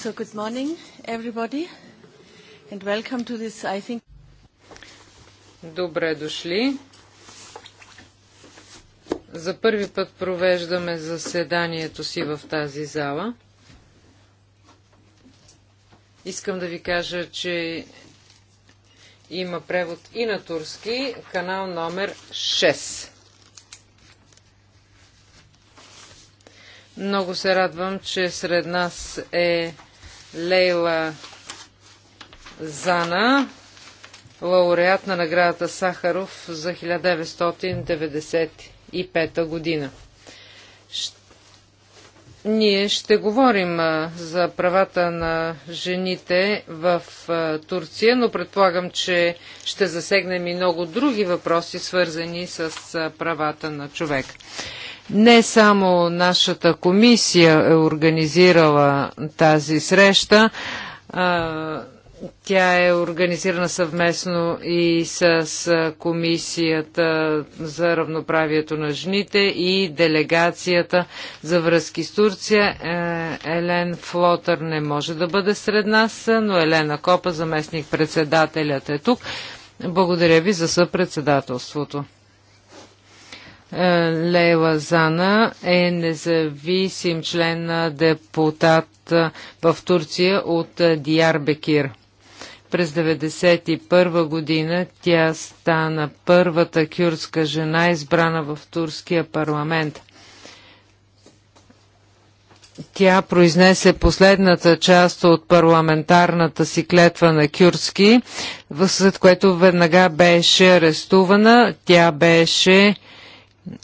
So good morning, everybody, and welcome to this, I think... Добре дошли. За първи път провеждаме заседанието си в тази зала. Искам да ви кажа, че има превод и на турски, канал номер 6. Много се радвам, че сред нас е Лейла Зана, лауреат на наградата Сахаров за 1995 година. Ние ще говорим за правата на жените в Турция, но предполагам, че ще засегнем и много други въпроси, свързани с правата на човек. Не само нашата комисия е организирала тази среща, тя е организирана съвместно и с Комисията за равноправието на жените и делегацията за връзки с Турция. Е, Елен Флотър не може да бъде сред нас, но Елена Копа, заместник председателят е тук. Благодаря ви за съпредседателството. Е, Лейла Зана е независим член на депутат е, в Турция от е, Бекир. През 1991 година тя стана първата кюрдска жена, избрана в турския парламент. Тя произнесе последната част от парламентарната си клетва на кюрски, след което веднага беше арестувана. Тя беше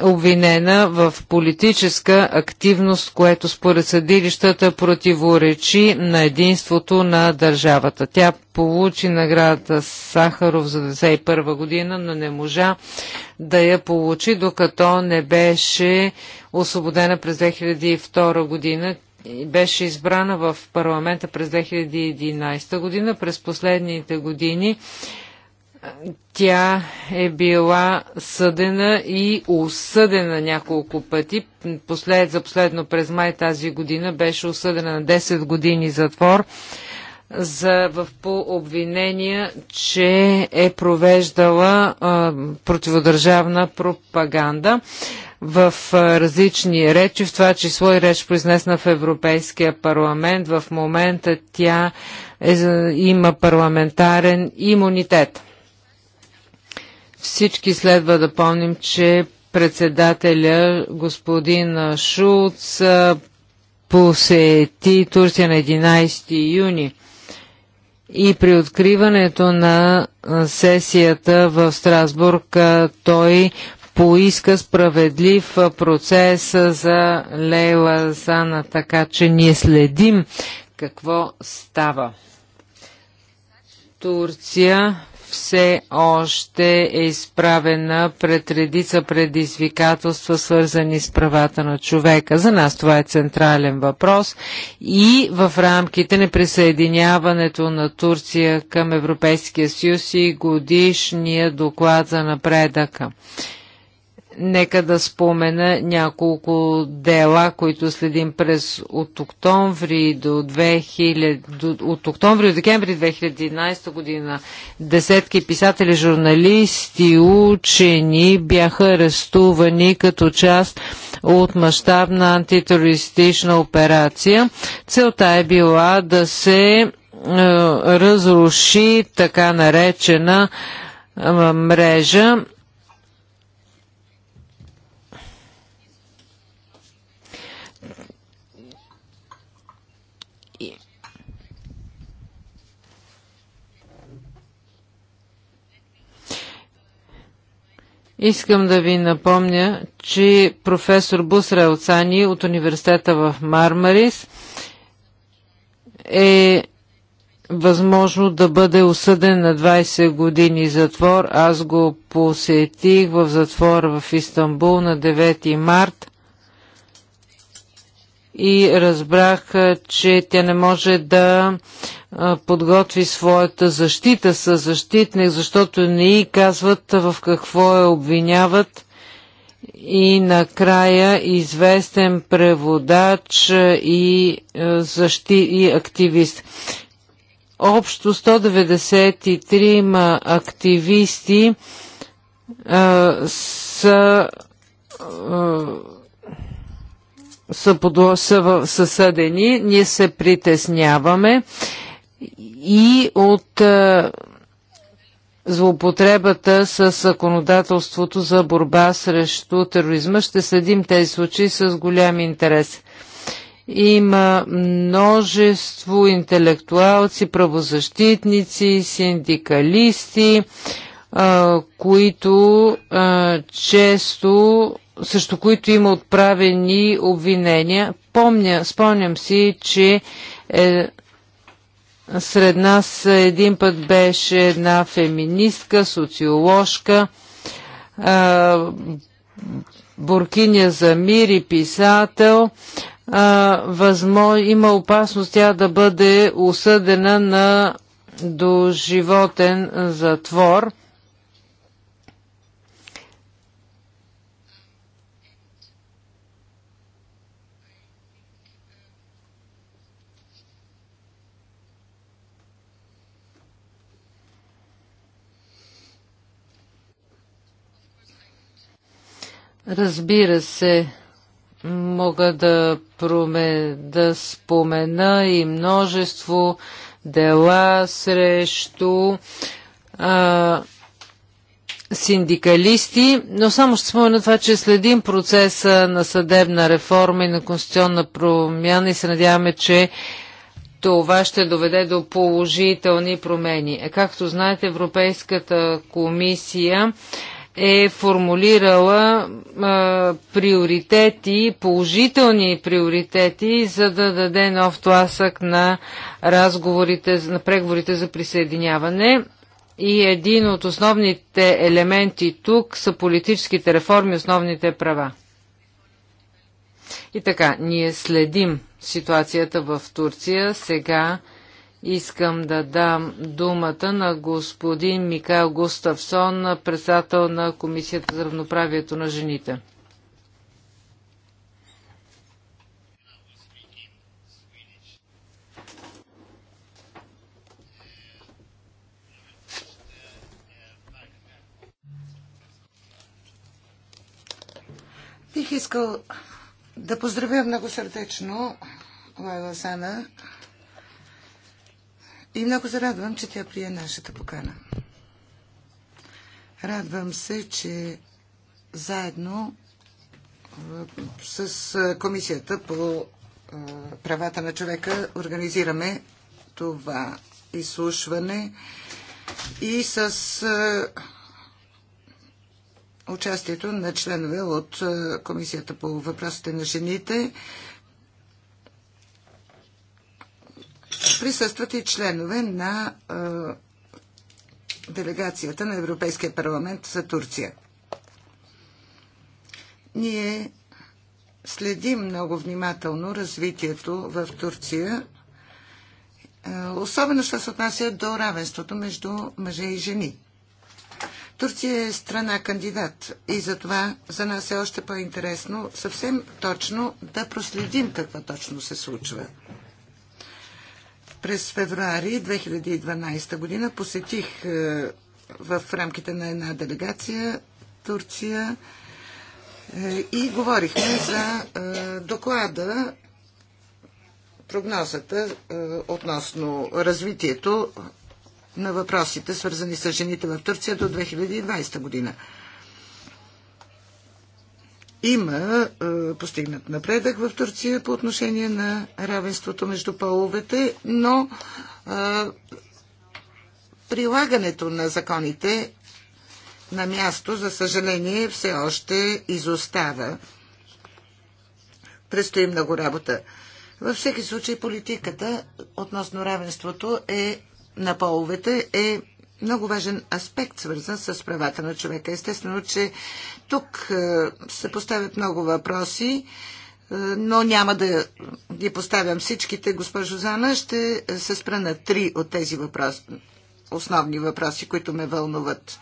обвинена в политическа активност, което според съдилищата противоречи на единството на държавата. Тя получи наградата Сахаров за 1991 година, но не можа да я получи, докато не беше освободена през 2002 година. Беше избрана в парламента през 2011 година. През последните години тя е била съдена и осъдена няколко пъти. Послед, за последно през май тази година беше осъдена на 10 години затвор за, в, по обвинения, че е провеждала а, противодържавна пропаганда в а, различни речи, в това число и реч произнесна в Европейския парламент. В момента тя е, има парламентарен имунитет. Всички следва да помним, че председателя господин Шулц посети Турция на 11 юни и при откриването на сесията в Страсбург той поиска справедлив процес за Лейла Сана, така че ние следим какво става. Турция все още е изправена пред редица предизвикателства, свързани с правата на човека. За нас това е централен въпрос и в рамките на присъединяването на Турция към Европейския съюз и годишния доклад за напредъка. Нека да спомена няколко дела, които следим през от октомври до 2000, от октомври до декември 2011 година. Десетки писатели, журналисти, учени бяха арестувани като част от мащабна антитерористична операция. Целта е била да се е, разруши така наречена е, мрежа Искам да ви напомня, че професор Бусра Оцани от университета в Мармарис е възможно да бъде осъден на 20 години затвор. Аз го посетих в затвора в Истанбул на 9 март и разбрах, че тя не може да подготви своята защита с защитник, защото не и казват в какво я обвиняват. И накрая известен преводач и, защи... и активист. Общо 193 активисти а, са а, са, под, са съседени, ние се притесняваме и от е, злоупотребата с законодателството за борба срещу тероризма. Ще следим тези случаи с голям интерес. Има множество интелектуалци, правозащитници, синдикалисти, е, които е, често срещу които има отправени обвинения. Помня, спомням си, че е, сред нас един път беше една феминистка, социоложка, е, буркиня за мир и писател. Е, възмо, има опасност тя да бъде осъдена на доживотен затвор – Разбира се, мога да, проме, да спомена и множество дела срещу а, синдикалисти, но само ще спомена това, че следим процеса на съдебна реформа и на конституционна промяна и се надяваме, че това ще доведе до положителни промени. Е, както знаете, Европейската комисия е формулирала а, приоритети, положителни приоритети, за да даде нов тласък на разговорите, на преговорите за присъединяване. И един от основните елементи тук са политическите реформи, основните права. И така, ние следим ситуацията в Турция. Сега Искам да дам думата на господин Микал Густавсон, председател на Комисията за равноправието на жените. Бих искал да поздравя много сърдечно Лайла Сана и много се радвам, че тя прие нашата покана. Радвам се, че заедно с Комисията по правата на човека организираме това изслушване и с участието на членове от Комисията по въпросите на жените, присъстват и членове на делегацията на Европейския парламент за Турция. Ние следим много внимателно развитието в Турция, особено що се отнася до равенството между мъже и жени. Турция е страна кандидат и затова за нас е още по-интересно съвсем точно да проследим какво точно се случва. През февруари 2012 година посетих е, в рамките на една делегация Турция е, и говорихме за е, доклада, прогнозата относно развитието на въпросите, свързани с жените в Турция до 2020 година. Има е, постигнат напредък в Турция по отношение на равенството между половете, но е, прилагането на законите на място, за съжаление, все още изостава. Предстои много работа. Във всеки случай политиката относно равенството е на половете е много важен аспект, свързан с правата на човека. Естествено, че тук е, се поставят много въпроси, е, но няма да ги поставям всичките. Госпожо Зана, ще се спра на три от тези въпроси, основни въпроси, които ме вълнуват.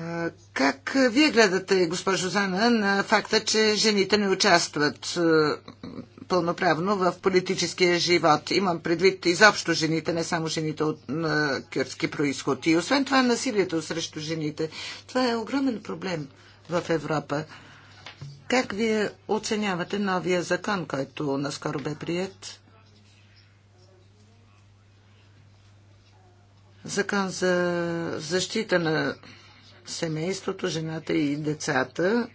Е, как вие гледате, госпожо Зана, на факта, че жените не участват пълноправно в политическия живот. Имам предвид изобщо жените, не само жените от на кюртски происход. И освен това насилието срещу жените. Това е огромен проблем в Европа. Как вие оценявате новия закон, който наскоро бе прият? Закон за защита на семейството, жената и децата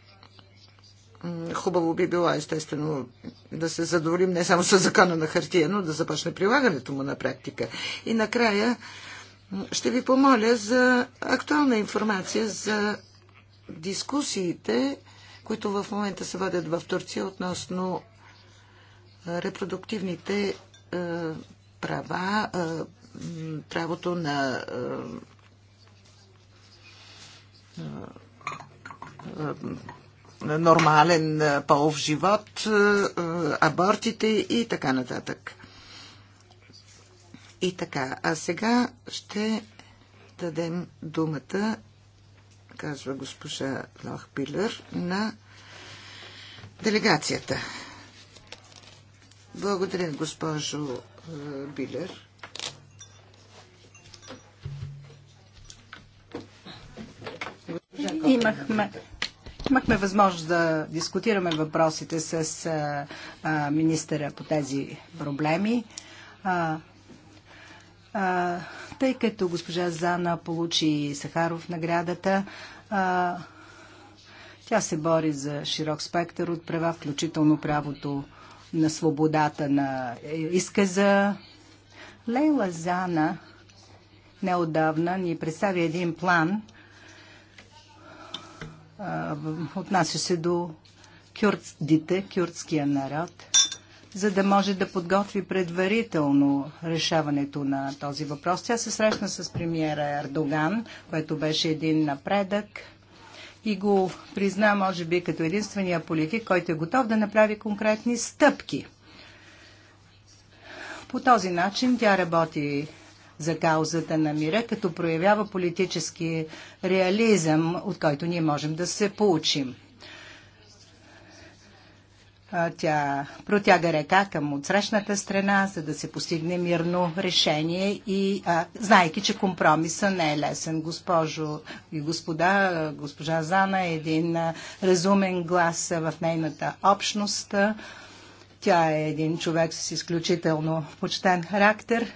Хубаво би било, естествено, да се задоволим не само с закона на хартия, но да започне прилагането му на практика. И накрая ще ви помоля за актуална информация за дискусиите, които в момента се водят в Турция относно репродуктивните права, правото на нормален полов живот, абортите и така нататък. И така, а сега ще дадем думата, казва госпожа Лохпилер, на делегацията. Благодаря, госпожо Билер. Имахме Имахме възможност да дискутираме въпросите с а, а, министъра по тези проблеми. А, а, тъй като госпожа Зана получи Сахаров наградата, а, тя се бори за широк спектър от права, включително правото на свободата на изказа. Лейла Зана неодавна ни представи един план – отнася се до кюрдите, кюрдския народ, за да може да подготви предварително решаването на този въпрос. Тя се срещна с премиера Ердоган, което беше един напредък и го призна, може би, като единствения политик, който е готов да направи конкретни стъпки. По този начин тя работи за каузата на мира, като проявява политически реализъм, от който ние можем да се получим. Тя протяга река към отсрещната страна, за да се постигне мирно решение и а, знайки, че компромиса не е лесен. Госпожо и господа, госпожа Зана е един разумен глас в нейната общност. Тя е един човек с изключително почтен характер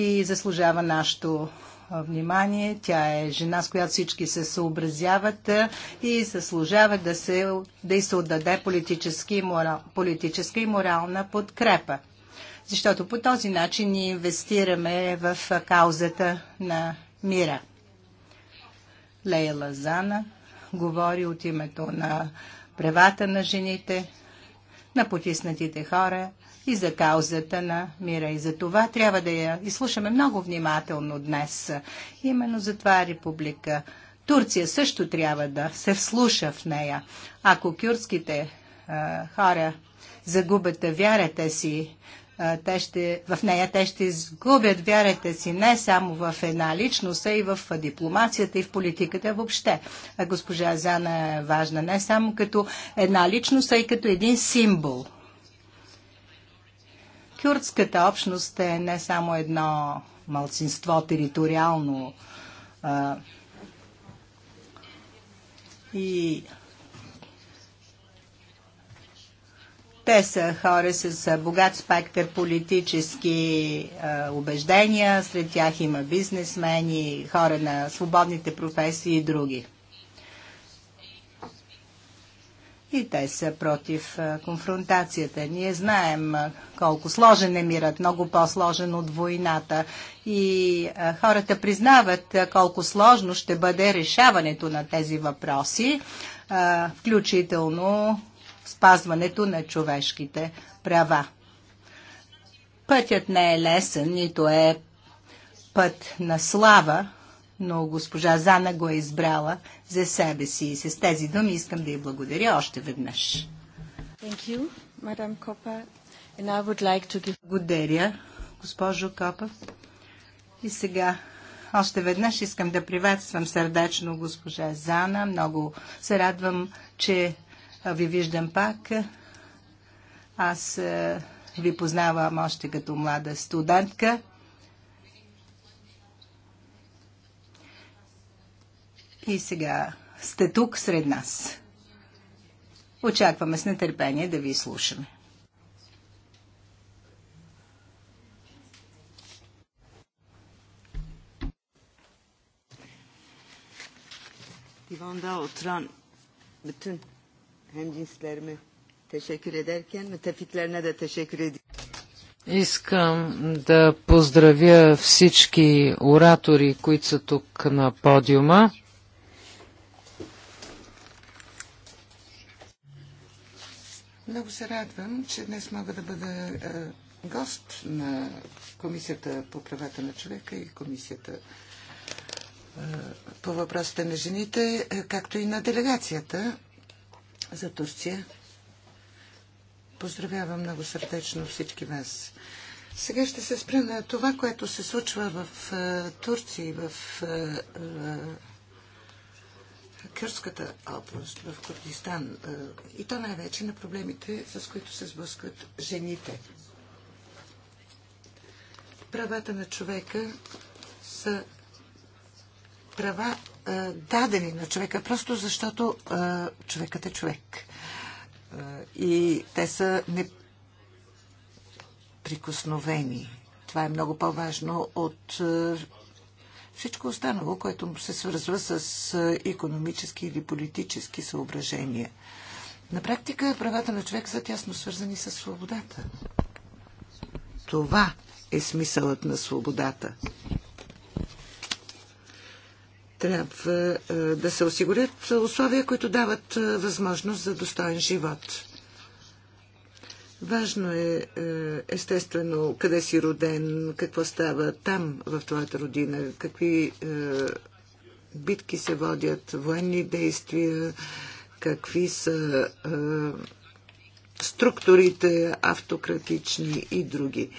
и заслужава нашето внимание. Тя е жена, с която всички се съобразяват и заслужава да, се, да й се отдаде политически морал, политическа и морална подкрепа. Защото по този начин ние инвестираме в каузата на мира. Лейла Зана говори от името на правата на жените, на потиснатите хора, и за каузата на мира. И за това трябва да я изслушаме много внимателно днес. Именно за това република Турция също трябва да се вслуша в нея. Ако кюрските е, хора загубят вярата си, те ще, в нея те ще изгубят вярата си не само в една личност, а и в дипломацията и в политиката въобще. А госпожа Зана е важна не само като една личност, а и като един символ – Кюрдската общност е не само едно малцинство териториално а, и те са хора с богат спектър политически а, убеждения, сред тях има бизнесмени, хора на свободните професии и други. и те са против конфронтацията. Ние знаем колко сложен е мирът, много по-сложен от войната. И хората признават колко сложно ще бъде решаването на тези въпроси, включително спазването на човешките права. Пътят не е лесен, нито е път на слава, но госпожа Зана го е избрала за себе си. И с тези думи искам да й благодаря още веднъж. You, like give... Благодаря, госпожо Копа. И сега още веднъж искам да приветствам сърдечно госпожа Зана. Много се радвам, че ви виждам пак. Аз е, ви познавам още като млада студентка. И сега сте тук сред нас. Очакваме с нетърпение да ви слушаме. divanda oturan bütün teşekkür ederken mütefiklerine de teşekkür ediyorum. Искам да поздравя всички оратори, които са тук на подиума. Много се радвам, че днес мога да бъда е, гост на Комисията по правата на човека и Комисията е, по въпросите на жените, е, както и на делегацията за Турция. Поздравявам много сърдечно всички вас. Сега ще се спра на това, което се случва в Турция и в кюрската област в Курдистан. И то най-вече на проблемите, с които се сблъскват жените. Правата на човека са права дадени на човека, просто защото човекът е човек. И те са неприкосновени. Това е много по-важно от всичко останало, което му се свързва с економически или политически съображения. На практика правата на човек са тясно свързани с свободата. Това е смисълът на свободата. Трябва да се осигурят условия, които дават възможност за достоен живот. Важно е, е, естествено, къде си роден, какво става там, в твоята родина, какви е, битки се водят, военни действия, какви са е, структурите автократични и други.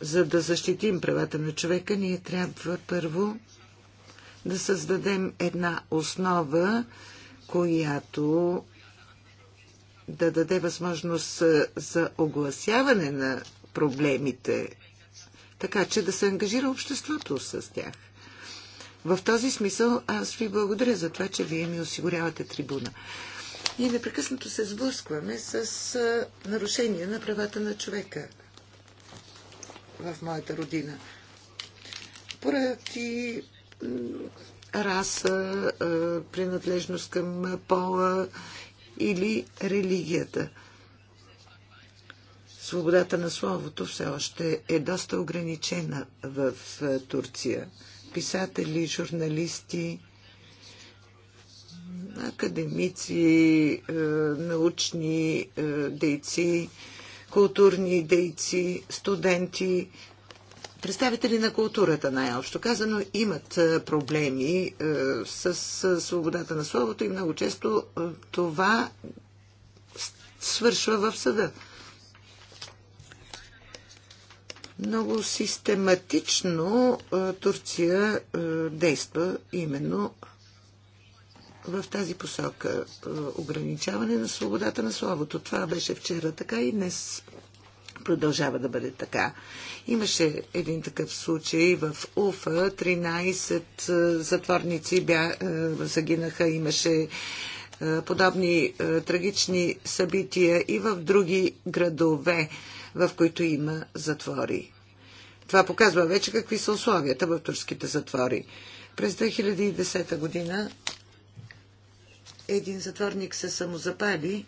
За да защитим правата на човека, ние трябва първо да създадем една основа, която да даде възможност за огласяване на проблемите, така че да се ангажира обществото с тях. В този смисъл аз ви благодаря за това, че вие ми осигурявате трибуна. И непрекъснато се сблъскваме с нарушения на правата на човека в моята родина. Поради раса, принадлежност към пола или религията. Свободата на словото все още е доста ограничена в е, Турция. Писатели, журналисти, академици, е, научни е, дейци, културни дейци, студенти представители на културата, най-общо казано, имат е, проблеми е, с е, свободата на словото и много често това свършва в съда. Много систематично Турция действа именно в тази посока ограничаване на свободата на словото. Това беше вчера така и днес продължава да бъде така. Имаше един такъв случай в Уфа. 13 е, затворници бя, е, загинаха. Имаше е, подобни трагични събития и в други градове, в които има затвори. Това показва вече какви са условията в турските затвори. През 2010 година един затворник се самозапали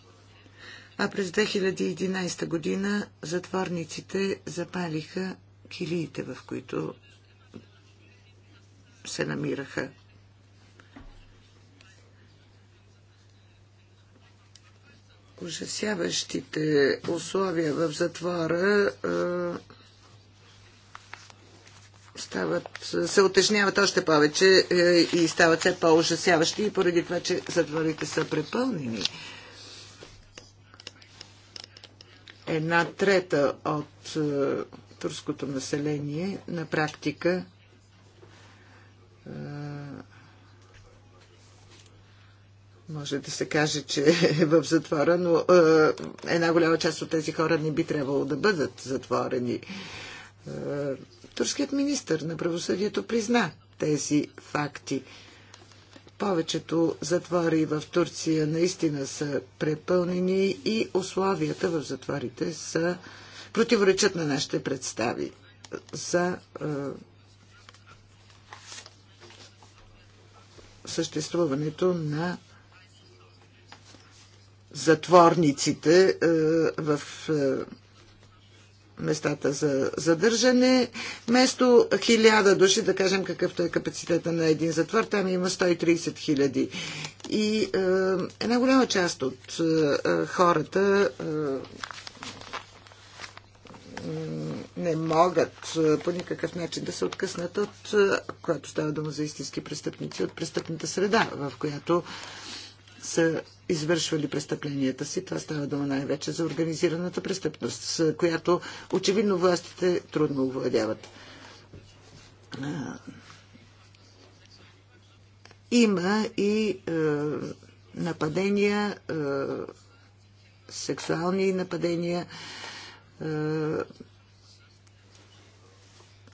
а през 2011 година затворниците запалиха килиите, в които се намираха. Ужасяващите условия в затвора стават, се отежняват още повече е, и стават все по-ужасяващи поради това, че затворите са препълнени. една трета от е, турското население на практика е, може да се каже, че е в затвора, но е, една голяма част от тези хора не би трябвало да бъдат затворени. Турският министр на правосъдието призна тези факти. Повечето затвори в Турция наистина са препълнени и условията в затворите са противоречат на нашите представи за е, съществуването на затворниците е, в е, местата за задържане. Вместо 1000 души, да кажем какъвто е капацитета на един затвор, там има 130 хиляди. И е, една голяма част от е, е хората е, не могат е, по никакъв начин да се откъснат от, е, когато става дума за истински престъпници, от престъпната среда, в която е, са извършвали престъпленията си. Това става дума най-вече за организираната престъпност, която очевидно властите трудно овладяват. Има и е, нападения, е, сексуални нападения. Е,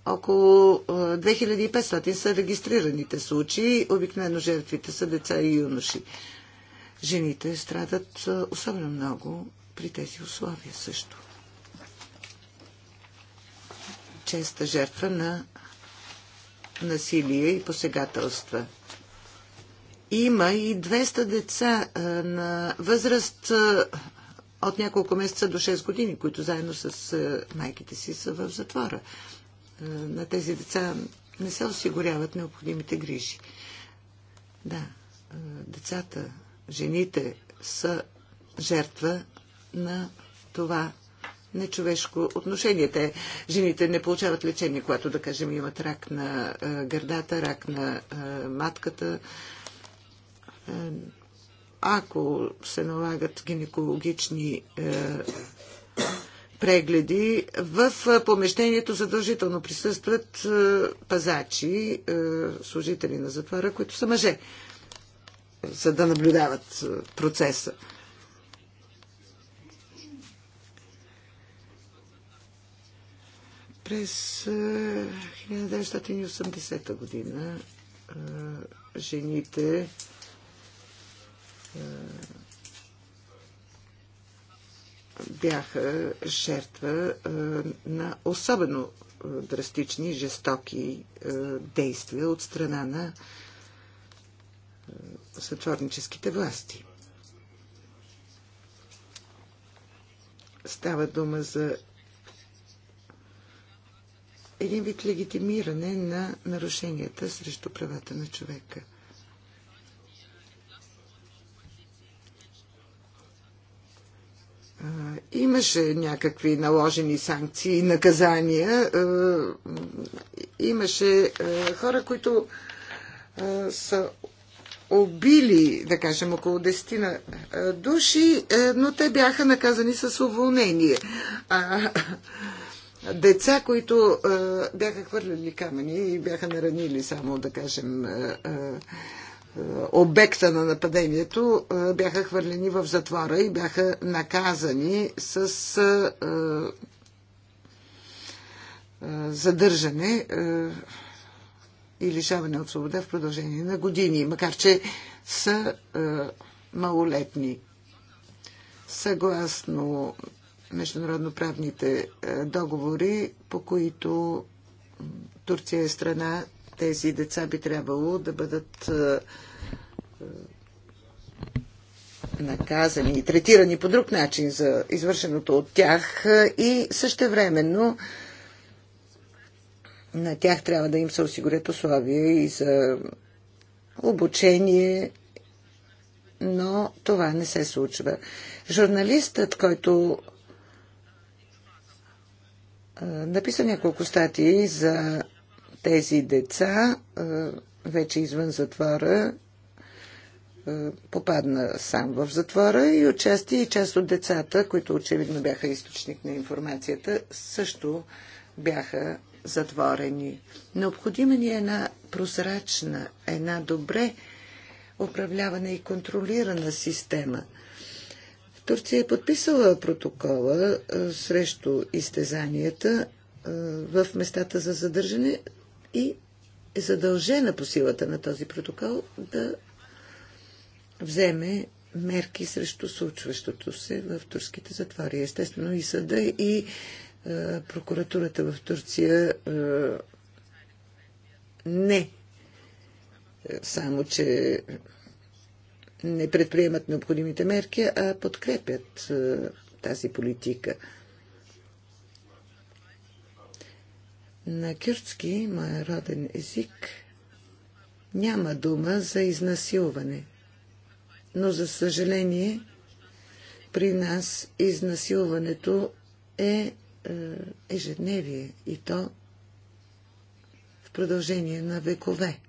около 2500 е, са регистрираните случаи. Обикновено жертвите са деца и юноши. Е, Жените страдат особено много при тези условия също. Честа жертва на насилие и посегателства. Има и 200 деца на възраст от няколко месеца до 6 години, които заедно с майките си са в затвора. На тези деца не се осигуряват необходимите грижи. Да, децата жените са жертва на това нечовешко отношение. Те, жените не получават лечение, когато, да кажем, имат рак на е, гърдата, рак на е, матката. Е, ако се налагат гинекологични прегледи, в помещението задължително присъстват пазачи, служители на затвора, които са мъже за да наблюдават е, процеса. През 1980 е, година е, жените бяха жертва на особено драстични, жестоки действия от страна на сътворническите власти. Става дума за един вид легитимиране на нарушенията срещу правата на човека. Имаше някакви наложени санкции, наказания. Имаше хора, които са убили, да кажем, около десетина души, но те бяха наказани с уволнение. А, деца, които а, бяха хвърляли камъни и бяха наранили само, да кажем, а, обекта на нападението, а, бяха хвърлени в затвора и бяха наказани с а, а, задържане. А, и лишаване от свобода в продължение на години, макар че са е, малолетни. Съгласно международноправните е, договори, по които Турция е страна, тези деца би трябвало да бъдат е, е наказани и третирани по друг начин за извършеното от тях е, и същевременно времено на тях трябва да им се осигурят условия и за обучение, но това не се случва. Журналистът, който написа няколко статии за тези деца, вече извън затвора, попадна сам в затвора и отчасти и част от децата, които очевидно бяха източник на информацията, също бяха затворени. Необходима ни е една прозрачна, една добре управлявана и контролирана система. Турция е подписала протокола а, е, срещу изтезанията а, е, в местата за задържане и е задължена по силата на този протокол да вземе мерки срещу случващото се в турските затвори. Естествено и съда и е, прокуратурата в Турция е, не е, само, че не предприемат необходимите мерки, а подкрепят тази политика. На кюртски, моя роден език, няма дума за изнасилване. Но, за съжаление, при нас изнасилването е е, ежедневие и то в продължение на векове.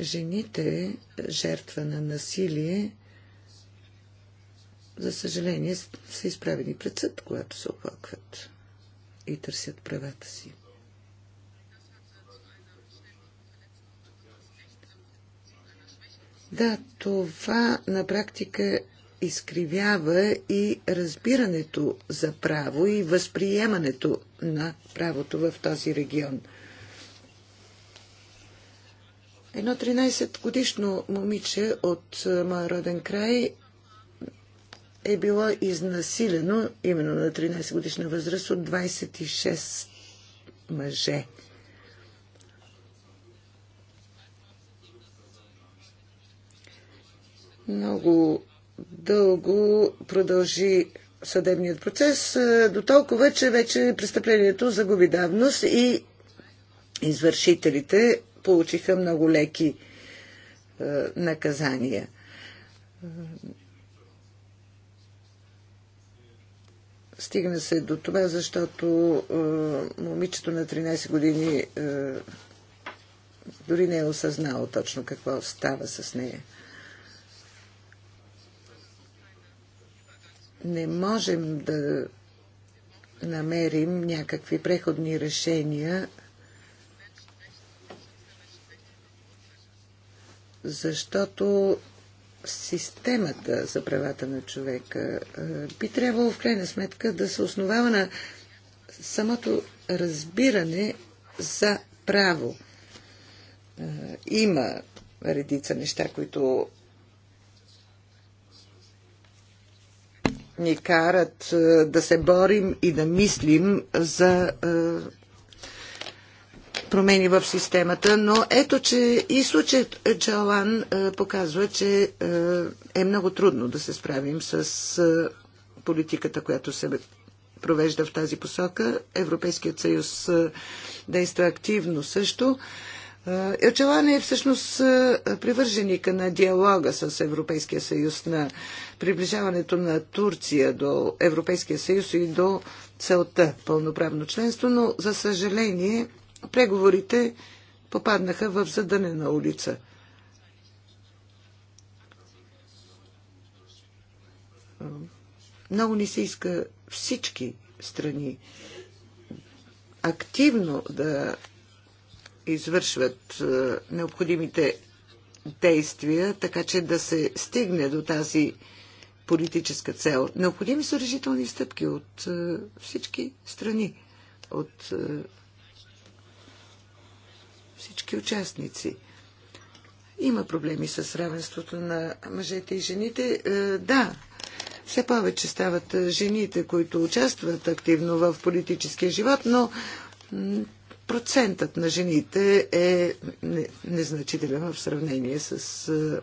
Жените, жертва на насилие, за съжаление, са изправени пред съд, когато се оплакват и търсят правата си. Да, това на практика изкривява и разбирането за право и възприемането на правото в този регион. Едно 13-годишно момиче от е, моя роден край е било изнасилено именно на 13 годишна възраст от 26 мъже. Много дълго продължи съдебният процес, до толкова, че вече престъплението загуби давност и извършителите получиха много леки е, наказания. Стигна се до това, защото е, момичето на 13 години е, дори не е осъзнало точно какво става с нея. не можем да намерим някакви преходни решения, защото системата за правата на човека би трябвало в крайна сметка да се основава на самото разбиране за право. Има редица неща, които ни карат е, да се борим и да мислим за е, промени в системата, но ето, че и случаят Джалан е, показва, че е много трудно да се справим с политиката, която се провежда в тази посока. Европейският съюз действа активно също. Е, Елчелан е всъщност е, привърженика на диалога с Европейския съюз, на приближаването на Турция до Европейския съюз и до целта пълноправно членство, но за съжаление преговорите попаднаха в задънена улица. Много ни се иска всички страни активно да извършват е, необходимите действия, така че да се стигне до тази политическа цел. Необходими са решителни стъпки от е, всички страни, от е, всички участници. Има проблеми с равенството на мъжете и жените. Да, все повече стават жените, които участват активно в политическия живот, но процентът на жените е незначителен в сравнение с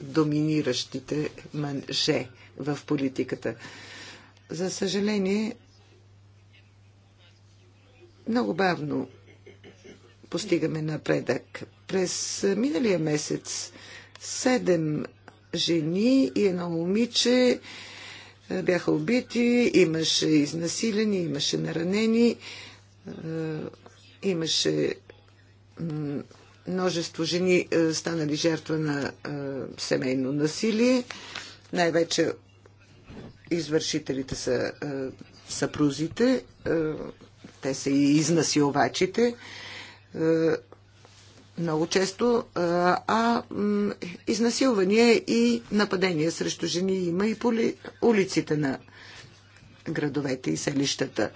доминиращите мъже в политиката. За съжаление, много бавно постигаме напредък. През миналия месец седем жени и едно момиче бяха убити, имаше изнасилени, имаше наранени. Е, имаше множество жени е, станали жертва на е, семейно насилие. Най-вече извършителите са съпрузите, те са и изнасилвачите много често, а изнасилвания и нападения срещу жени има и по улиците на градовете и селищата.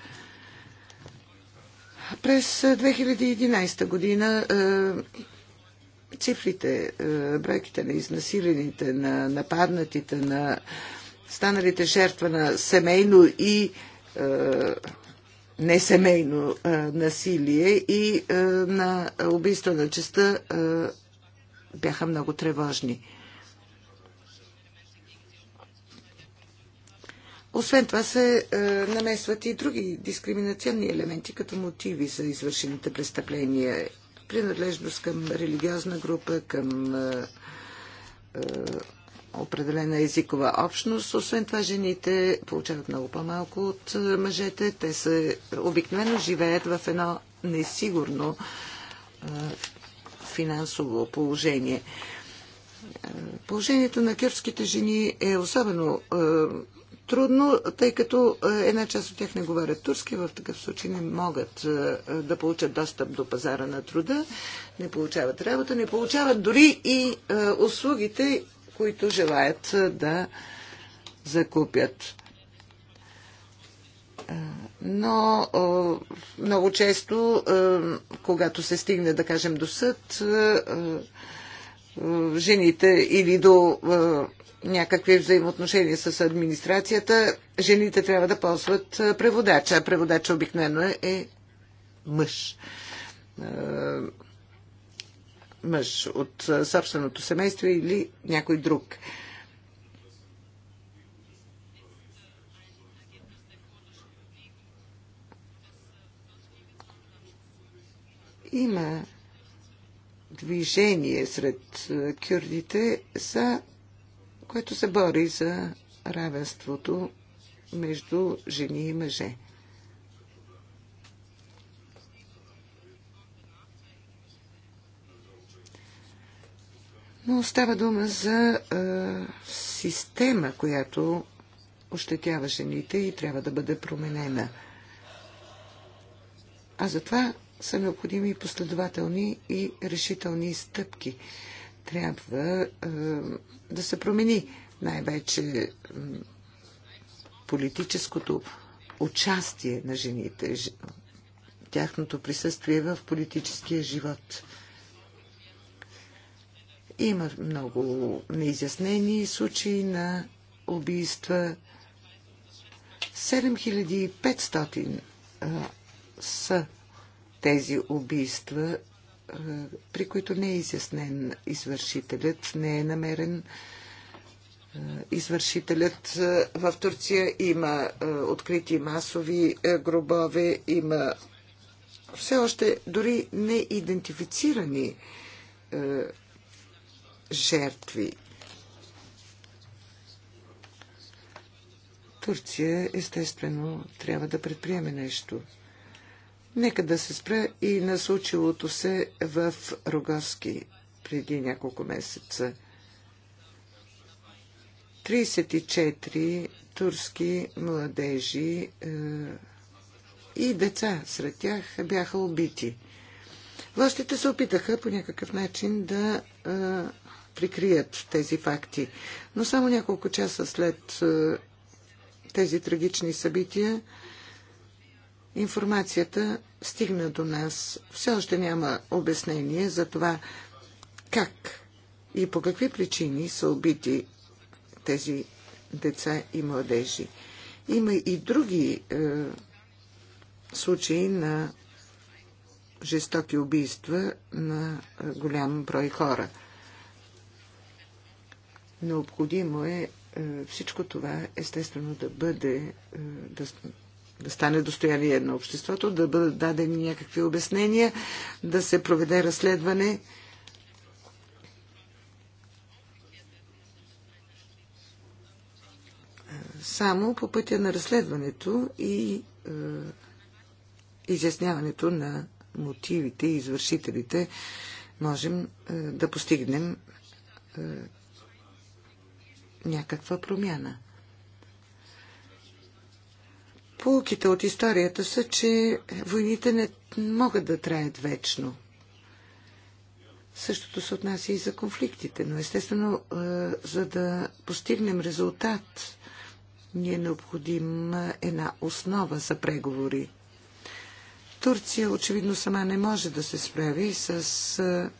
През 2011 е, година е, цифрите, е, бройките на изнасилените, на нападнатите, на станалите жертва на семейно и несемейно насилие и на убийство на честа бяха много тревожни. Освен това се е, намесват и други дискриминационни елементи, като мотиви за извършените престъпления, принадлежност към религиозна група, към е, е, определена езикова общност. Освен това, жените получават много по-малко от е, мъжете. Те се обикновено живеят в едно несигурно е, финансово положение. Е, положението на кюрските жени е особено е, трудно, тъй като е, една част от тях не говорят турски, в такъв случай не могат е, да получат достъп до пазара на труда, не получават работа, не получават дори и е, услугите, които желаят да закупят. Но много често, когато се стигне, да кажем, до съд, жените или до някакви взаимоотношения с администрацията, жените трябва да ползват преводача, а преводача обикновено е, е мъж. Мъж от собственото семейство или някой друг. Има движение сред кюрдите за което се бори за равенството между жени и мъже. Но става дума за а, система, която ощетява жените и трябва да бъде променена. А затова са необходими последователни и решителни стъпки трябва е, да се промени най-вече политическото участие на жените, тяхното присъствие в политическия живот. Има много неизяснени случаи на убийства. 7500 е, са тези убийства при които не е изяснен извършителят, не е намерен е, извършителят. Е, в Турция има е, открити масови гробове, има все още дори неидентифицирани жертви. Турция естествено трябва да предприеме нещо Нека да се спра и на случилото се в Рогоски преди няколко месеца. 34 турски младежи е, и деца сред тях бяха убити. Властите се опитаха по някакъв начин да е, прикрият тези факти. Но само няколко часа след е, тези трагични събития информацията стигна до нас. Все още няма обяснение за това как и по какви причини са убити тези деца и младежи. Има и други е, случаи на жестоки убийства на е, голям брой хора. Необходимо е, е всичко това естествено да бъде, е, да да стане достояние на обществото, да бъдат дадени някакви обяснения, да се проведе разследване. Само по пътя на разследването и е, изясняването на мотивите и извършителите можем е, да постигнем е, някаква промяна. Полуките от историята са, че войните не могат да траят вечно. Същото се отнася и за конфликтите, но естествено, е, за да постигнем резултат, ни е необходим една основа за преговори. Турция очевидно сама не може да се справи с е,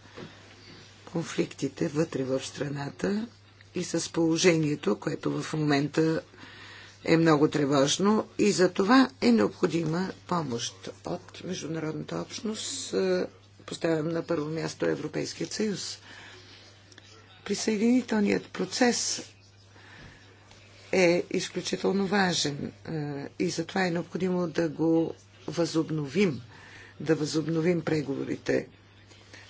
конфликтите вътре в страната и с положението, което в момента е много тревожно и за това е необходима помощ от международната общност. Е, поставям на първо място Европейският съюз. Присъединителният процес е изключително важен е, и затова е необходимо да го възобновим, да възобновим преговорите.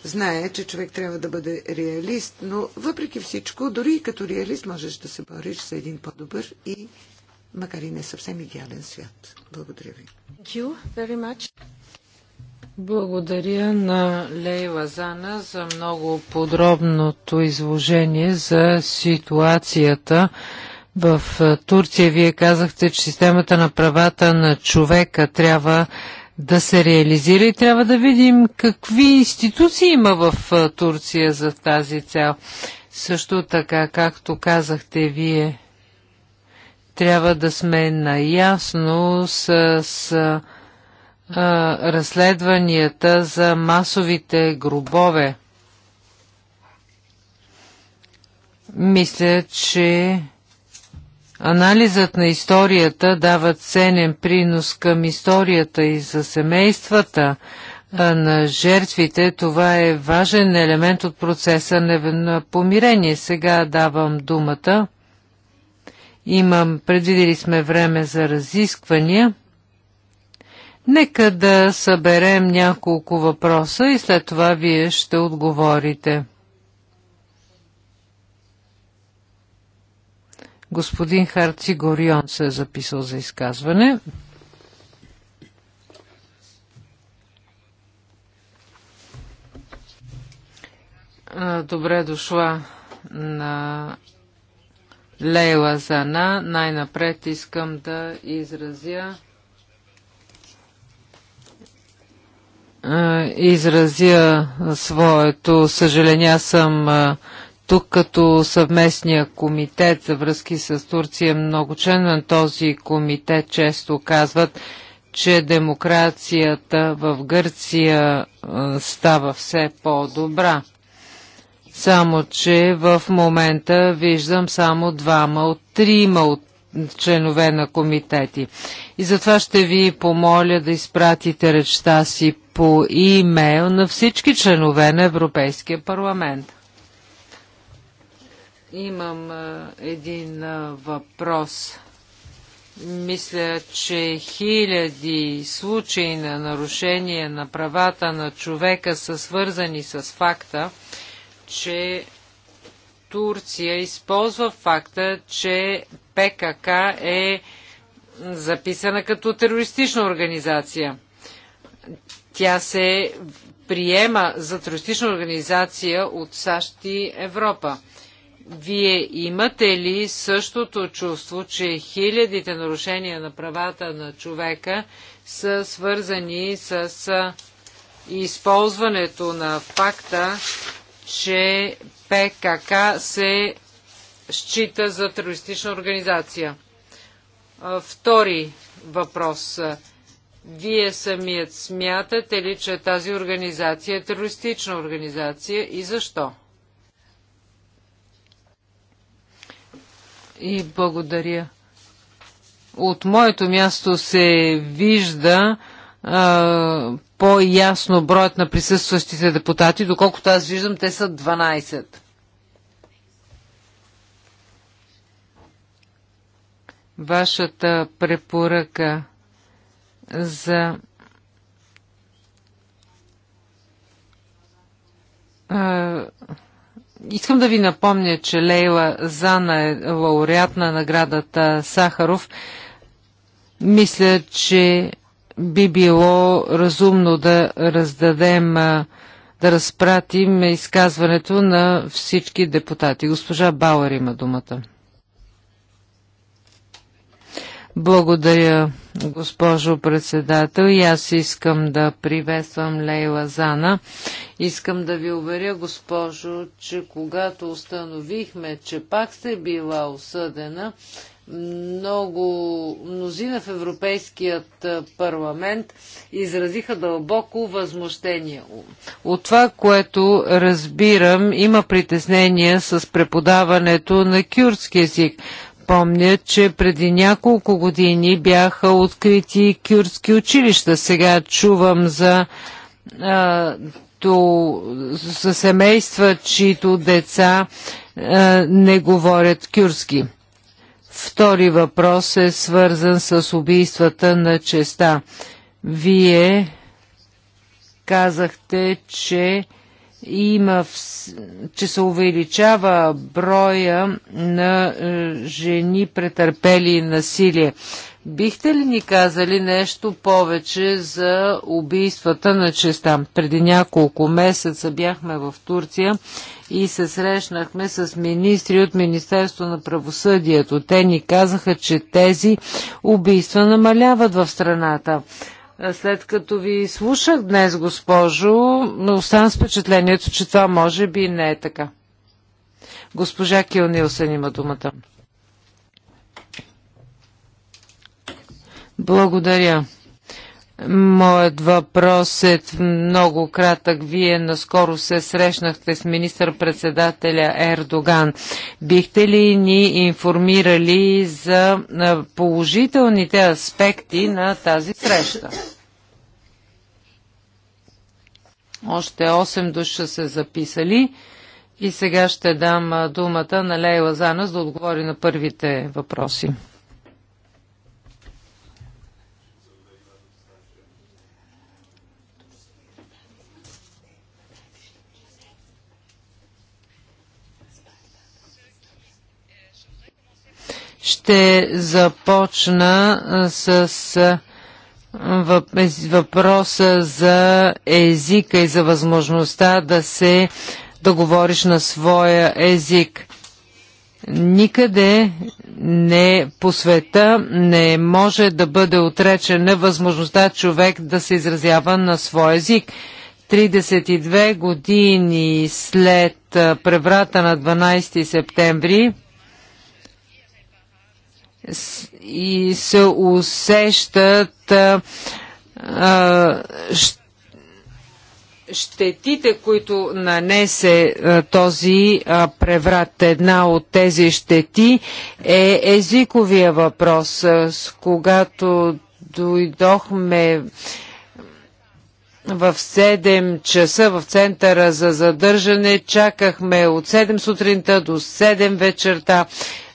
Знае, че човек трябва да бъде реалист, но въпреки всичко, дори и като реалист можеш да се бориш за един по-добър и макар и не съвсем идеален свят. Благодаря ви. Благодаря на Лейла Зана за много подробното изложение за ситуацията в Турция. Вие казахте, че системата на правата на човека трябва да се реализира и трябва да видим какви институции има в Турция за тази цел. Също така, както казахте вие, трябва да сме наясно с, с а, разследванията за масовите гробове. Мисля, че Анализът на историята дава ценен принос към историята и за семействата на жертвите. Това е важен елемент от процеса на помирение. Сега давам думата Имам, предвидели сме време за разисквания. Нека да съберем няколко въпроса и след това вие ще отговорите. Господин Харци Горион се е записал за изказване. Добре дошла на Лейла Зана. Най-напред искам да изразя изразя своето съжаление. Аз съм тук като съвместния комитет за връзки с Турция. Много член на този комитет често казват, че демокрацията в Гърция става все по-добра. Само, че в момента виждам само двама от трима от членове на комитети. И затова ще ви помоля да изпратите речта си по имейл на всички членове на Европейския парламент. Имам един въпрос. Мисля, че хиляди случаи на нарушение на правата на човека са свързани с факта, че Турция използва факта, че ПКК е записана като терористична организация. Тя се приема за терористична организация от САЩ и Европа. Вие имате ли същото чувство, че хилядите нарушения на правата на човека са свързани с използването на факта, че ПКК се счита за терористична организация. Втори въпрос. Вие самият смятате ли, че тази организация е терористична организация и защо? И благодаря. От моето място се вижда, по-ясно броят на присъстващите депутати. Доколкото аз виждам, те са 12. Вашата препоръка за Искам да ви напомня, че Лейла Зана е лауреат на наградата Сахаров. Мисля, че би било разумно да раздадем, да разпратим изказването на всички депутати. Госпожа Бауер има думата. Благодаря, госпожо председател. И аз искам да приветствам Лейла Зана. Искам да ви уверя, госпожо, че когато установихме, че пак сте била осъдена, много мнозина в Европейският парламент изразиха дълбоко възмущение. От това, което разбирам, има притеснение с преподаването на кюрдски език помня, че преди няколко години бяха открити кюрдски училища. Сега чувам за, а, то, за семейства, чието деца а, не говорят кюрски. Втори въпрос е свързан с убийствата на честа. Вие казахте, че има, че се увеличава броя на е, жени претърпели насилие. Бихте ли ни казали нещо повече за убийствата на честа? Преди няколко месеца бяхме в Турция и се срещнахме с министри от Министерство на правосъдието. Те ни казаха, че тези убийства намаляват в страната. След като ви слушах днес, госпожо, оставам с впечатлението, че това може би не е така. Госпожа Кил Нилсен има думата. Благодаря. Моят въпрос е много кратък. Вие наскоро се срещнахте с министър-председателя Ердоган. Бихте ли ни информирали за положителните аспекти на тази среща? Още 8 душа се записали. И сега ще дам думата на Лейла Занас да отговори на първите въпроси. Ще започна с въпроса за езика и за възможността да се да говориш на своя език. Никъде не по света не може да бъде отречена възможността човек да се изразява на свой език. 32 години след преврата на 12 септември и се усещат а, а, щетите, които нанесе а, този а, преврат. Една от тези щети е езиковия въпрос. А, с когато дойдохме в 7 часа в центъра за задържане, чакахме от 7 сутринта до 7 вечерта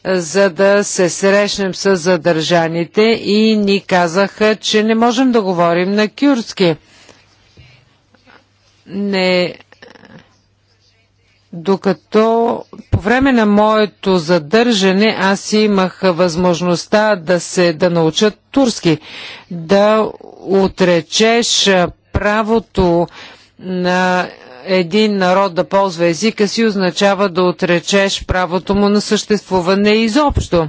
за да се срещнем с задържаните и ни казаха, че не можем да говорим на кюрски. Не, докато по време на моето задържане аз имах възможността да се да науча турски, да отречеш правото на един народ да ползва езика си означава да отречеш правото му на съществуване изобщо.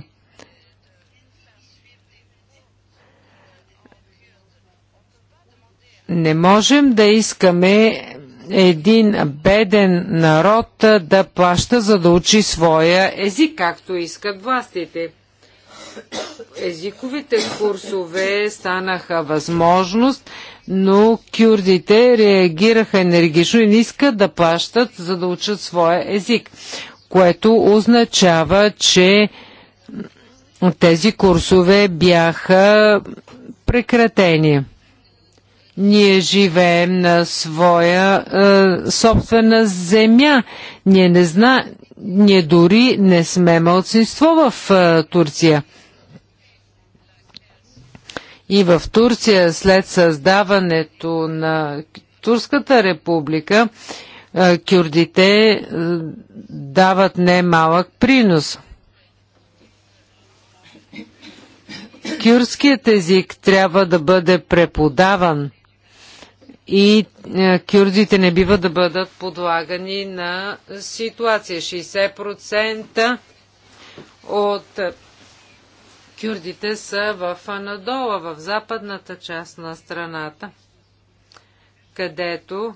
Не можем да искаме един беден народ да плаща, за да учи своя език, както искат властите. Езиковите курсове станаха възможност, но кюрдите реагираха енергично и не искат да плащат, за да учат своя език, което означава, че тези курсове бяха прекратени. Ние живеем на своя е, собствена земя. Ние не зна, ние дори не сме мълцинство в е, Турция. И в Турция след създаването на Турската република, е, кюрдите е, дават немалък принос. Кюрдският език трябва да бъде преподаван и е, кюрдите не бива да бъдат подлагани на ситуация. 60% от Кюрдите са в Анадола, в западната част на страната, където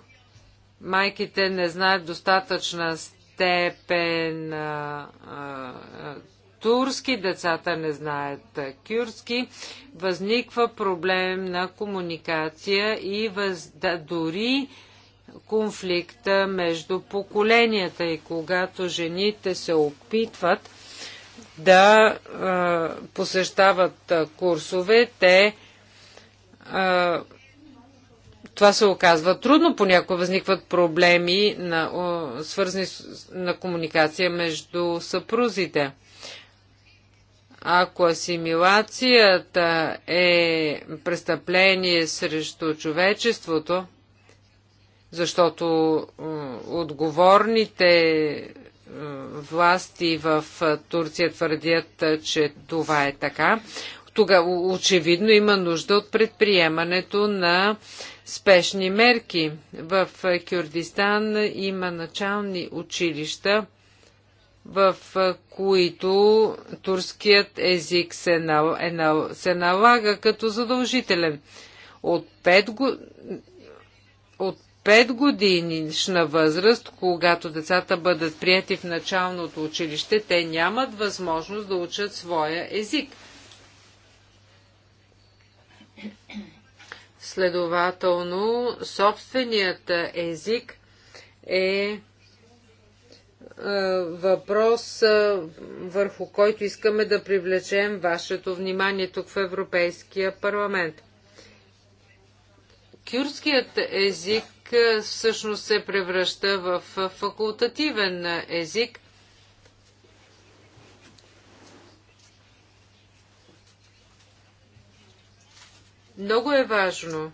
майките не знаят достатъчна степен а, а, турски, децата не знаят кюрски, възниква проблем на комуникация и въз, да, дори конфликта между поколенията и когато жените се опитват да а, посещават а, курсове. Те а, това се оказва трудно, понякога възникват проблеми на, о, свързани с, на комуникация между съпрузите. Ако асимилацията е престъпление срещу човечеството, защото отговорните власти в Турция твърдят, че това е така. Тогава очевидно има нужда от предприемането на спешни мерки. В Кюрдистан има начални училища, в които турският език се, нал... е нал... се налага като задължителен. От 5 го... от 5 годинишна възраст, когато децата бъдат прияти в началното училище, те нямат възможност да учат своя език. Следователно, собственият език е, е въпрос, е, върху който искаме да привлечем вашето внимание тук в Европейския парламент. Кюрският език всъщност се превръща в факултативен език. Много е важно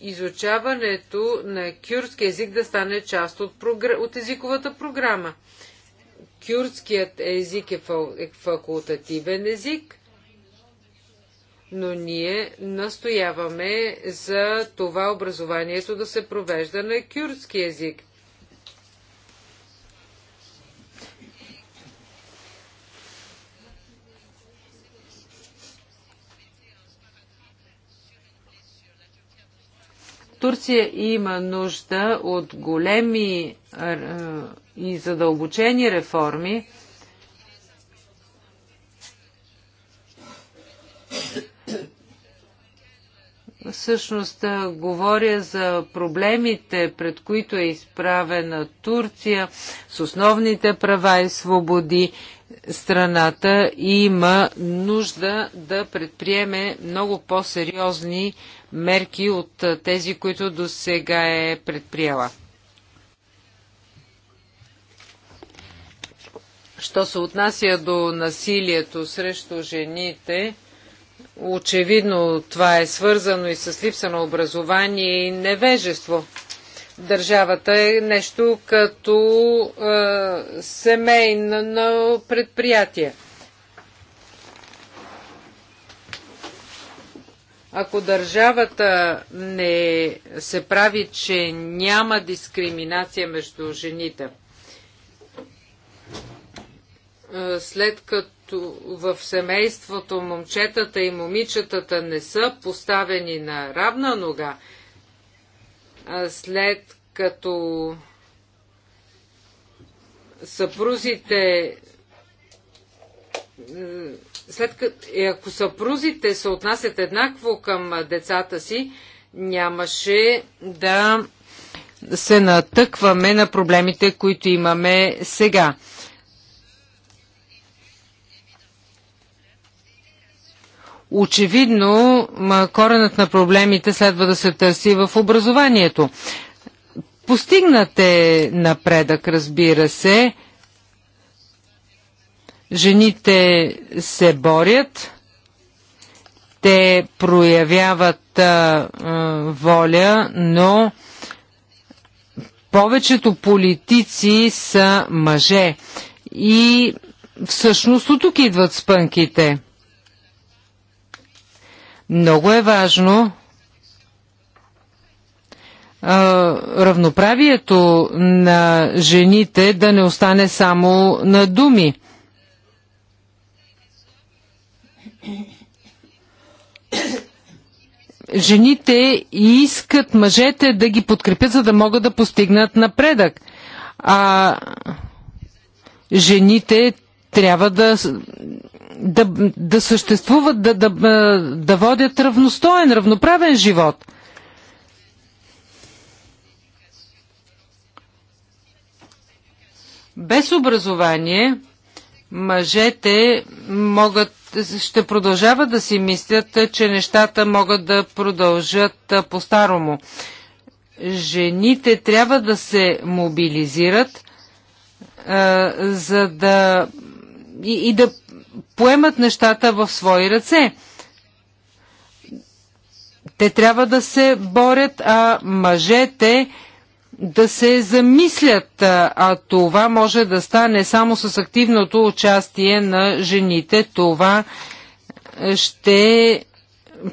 изучаването на кюрски език да стане част от, програ... от езиковата програма. Кюрдският език е, е факултативен език – но ние настояваме за това образованието да се провежда на кюрдски язик. Турция има нужда от големи и задълбочени реформи, Всъщност говоря за проблемите, пред които е изправена Турция с основните права и свободи. Страната има нужда да предприеме много по-сериозни мерки от тези, които до сега е предприела. Що се отнася до насилието срещу жените, Очевидно това е свързано и с липса на образование и невежество. Държавата е нещо като е, семейно предприятие. Ако държавата не се прави, че няма дискриминация между жените, е, след като често в семейството момчетата и момичетата не са поставени на равна нога, след като съпрузите след като, ако съпрузите се отнасят еднакво към децата си, нямаше да се натъкваме на проблемите, които имаме сега. Очевидно, коренът на проблемите следва да се търси в образованието. Постигнат е напредък, разбира се. Жените се борят, те проявяват а, воля, но повечето политици са мъже. И всъщност от тук идват спънките – много е важно равноправието на жените да не остане само на думи. Жените искат мъжете да ги подкрепят, за да могат да постигнат напредък. А жените трябва да, да, да съществуват, да, да, да водят равностоен, равноправен живот. Без образование мъжете могат, ще продължават да си мислят, че нещата могат да продължат по-старому. Жените трябва да се мобилизират, за да и, и да поемат нещата в свои ръце. Те трябва да се борят, а мъжете да се замислят, а това може да стане само с активното участие на жените. Това ще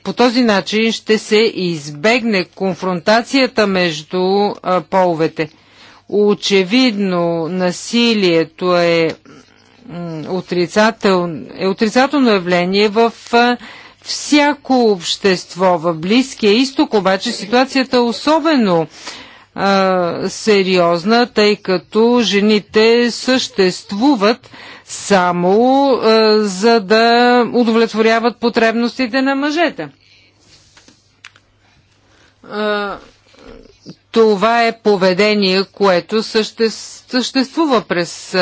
по този начин ще се избегне конфронтацията между половете. Очевидно насилието е отрицател, е отрицателно явление в всяко общество. В Близкия изток обаче ситуацията е особено а, сериозна, тъй като жените съществуват само а, за да удовлетворяват потребностите на мъжете. А, това е поведение, което съществува през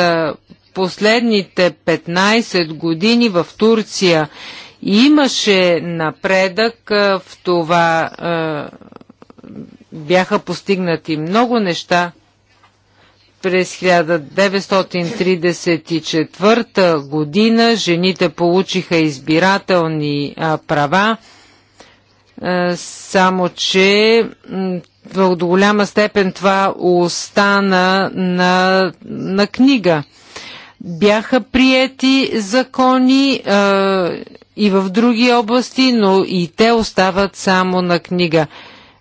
последните 15 години в Турция имаше напредък, в това бяха постигнати много неща. През 1934 година жените получиха избирателни права, само че в голяма степен това остана на, на книга. Бяха приети закони е, и в други области, но и те остават само на книга.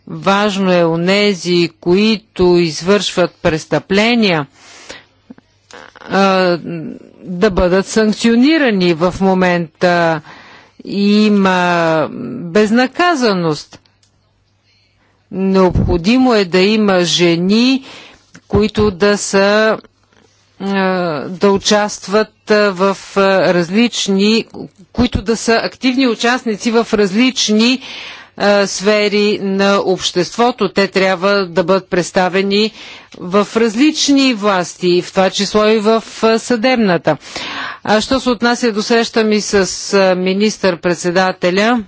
Важно е онези, които извършват престъпления, е, да бъдат санкционирани в момента. Има безнаказаност. Необходимо е да има жени, които да са да участват в различни, които да са активни участници в различни сфери на обществото. Те трябва да бъдат представени в различни власти, в това число и в съдебната. А що се отнася до среща ми с министър-председателя,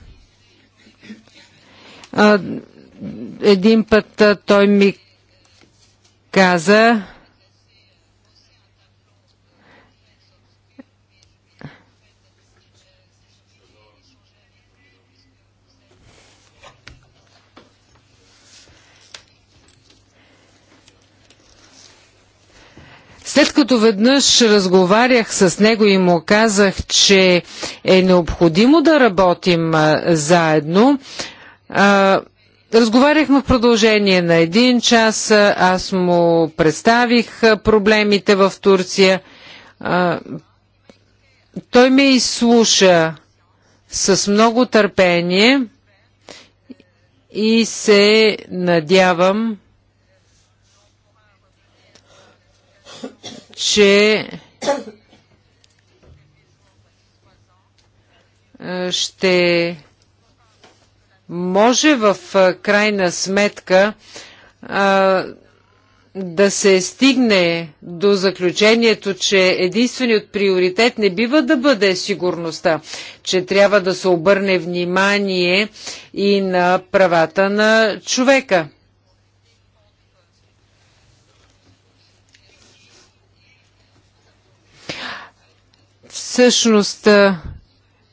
един път той ми каза, След като веднъж разговарях с него и му казах, че е необходимо да работим заедно, Разговаряхме в продължение на един час, аз му представих проблемите в Турция. Той ме изслуша с много търпение и се надявам, че е, ще може в е, крайна сметка е, да се стигне до заключението, че единственият приоритет не бива да бъде сигурността, че трябва да се обърне внимание и на правата на човека. Всъщност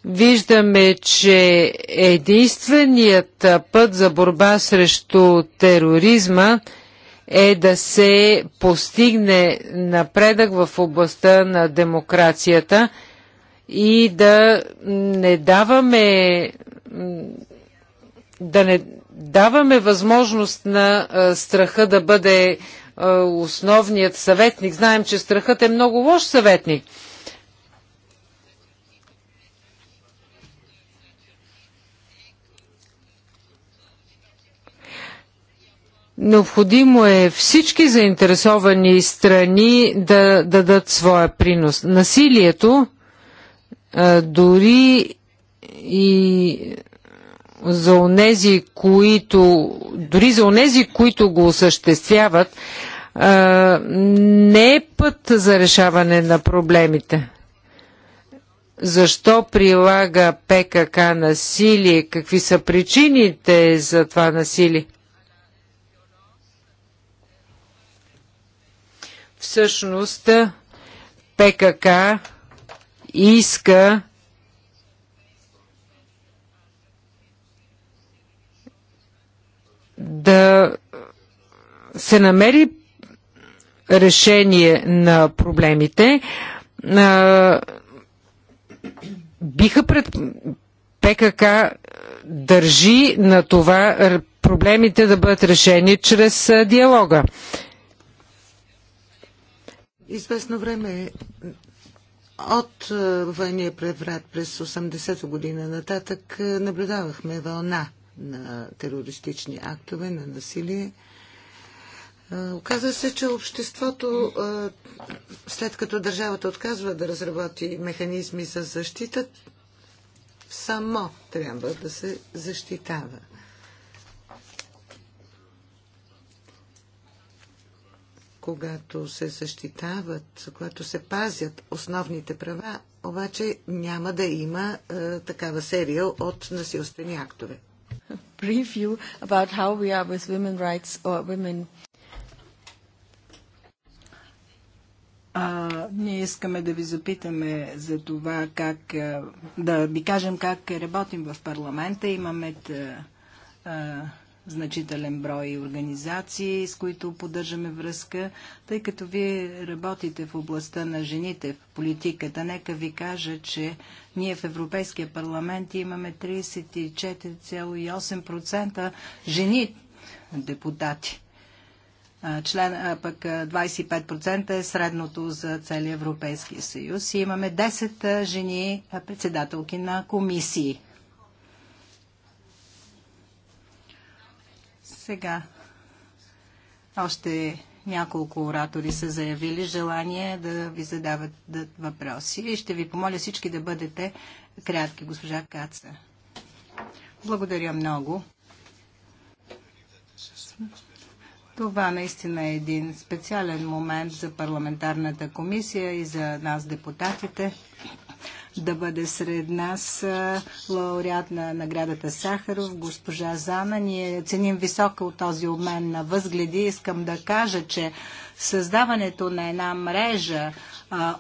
виждаме, че единственият път за борба срещу тероризма е да се постигне напредък в областта на демокрацията и да не даваме да не даваме възможност на страха да бъде основният съветник. Знаем, че страхът е много лош съветник. Необходимо е всички заинтересовани страни да, дадат своя принос. Насилието дори и за онези, които, дори за онези, които го осъществяват, не е път за решаване на проблемите. Защо прилага ПКК насилие? Какви са причините за това насилие? Всъщност ПКК иска да се намери решение на проблемите, биха пред ПКК държи на това проблемите да бъдат решени чрез диалога известно време е от е, военния преврат през 80-та година нататък е, наблюдавахме вълна на терористични актове, на насилие. Оказва се, че обществото, след като държавата отказва да разработи механизми за защита, само трябва да се защитава. когато се защитават, когато се пазят основните права, обаче няма да има е, такава серия от насилствени актове. about how we are with women rights or women. А, ние искаме да ви запитаме за това как, е, да ви кажем как работим в парламента. Имаме тъ, е, е, значителен брой организации, с които поддържаме връзка. Тъй като вие работите в областта на жените в политиката, нека ви кажа, че ние в Европейския парламент имаме 34,8% жени депутати. Член, а пък 25% е средното за целия Европейския съюз. И имаме 10 жени председателки на комисии Сега още няколко оратори са заявили желание да ви задават въпроси и ще ви помоля всички да бъдете кратки, госпожа Каца. Благодаря много. Това наистина е един специален момент за парламентарната комисия и за нас, депутатите да бъде сред нас лауреат на наградата Сахаров, госпожа Зана. Ние ценим високо този обмен на възгледи. Искам да кажа, че създаването на една мрежа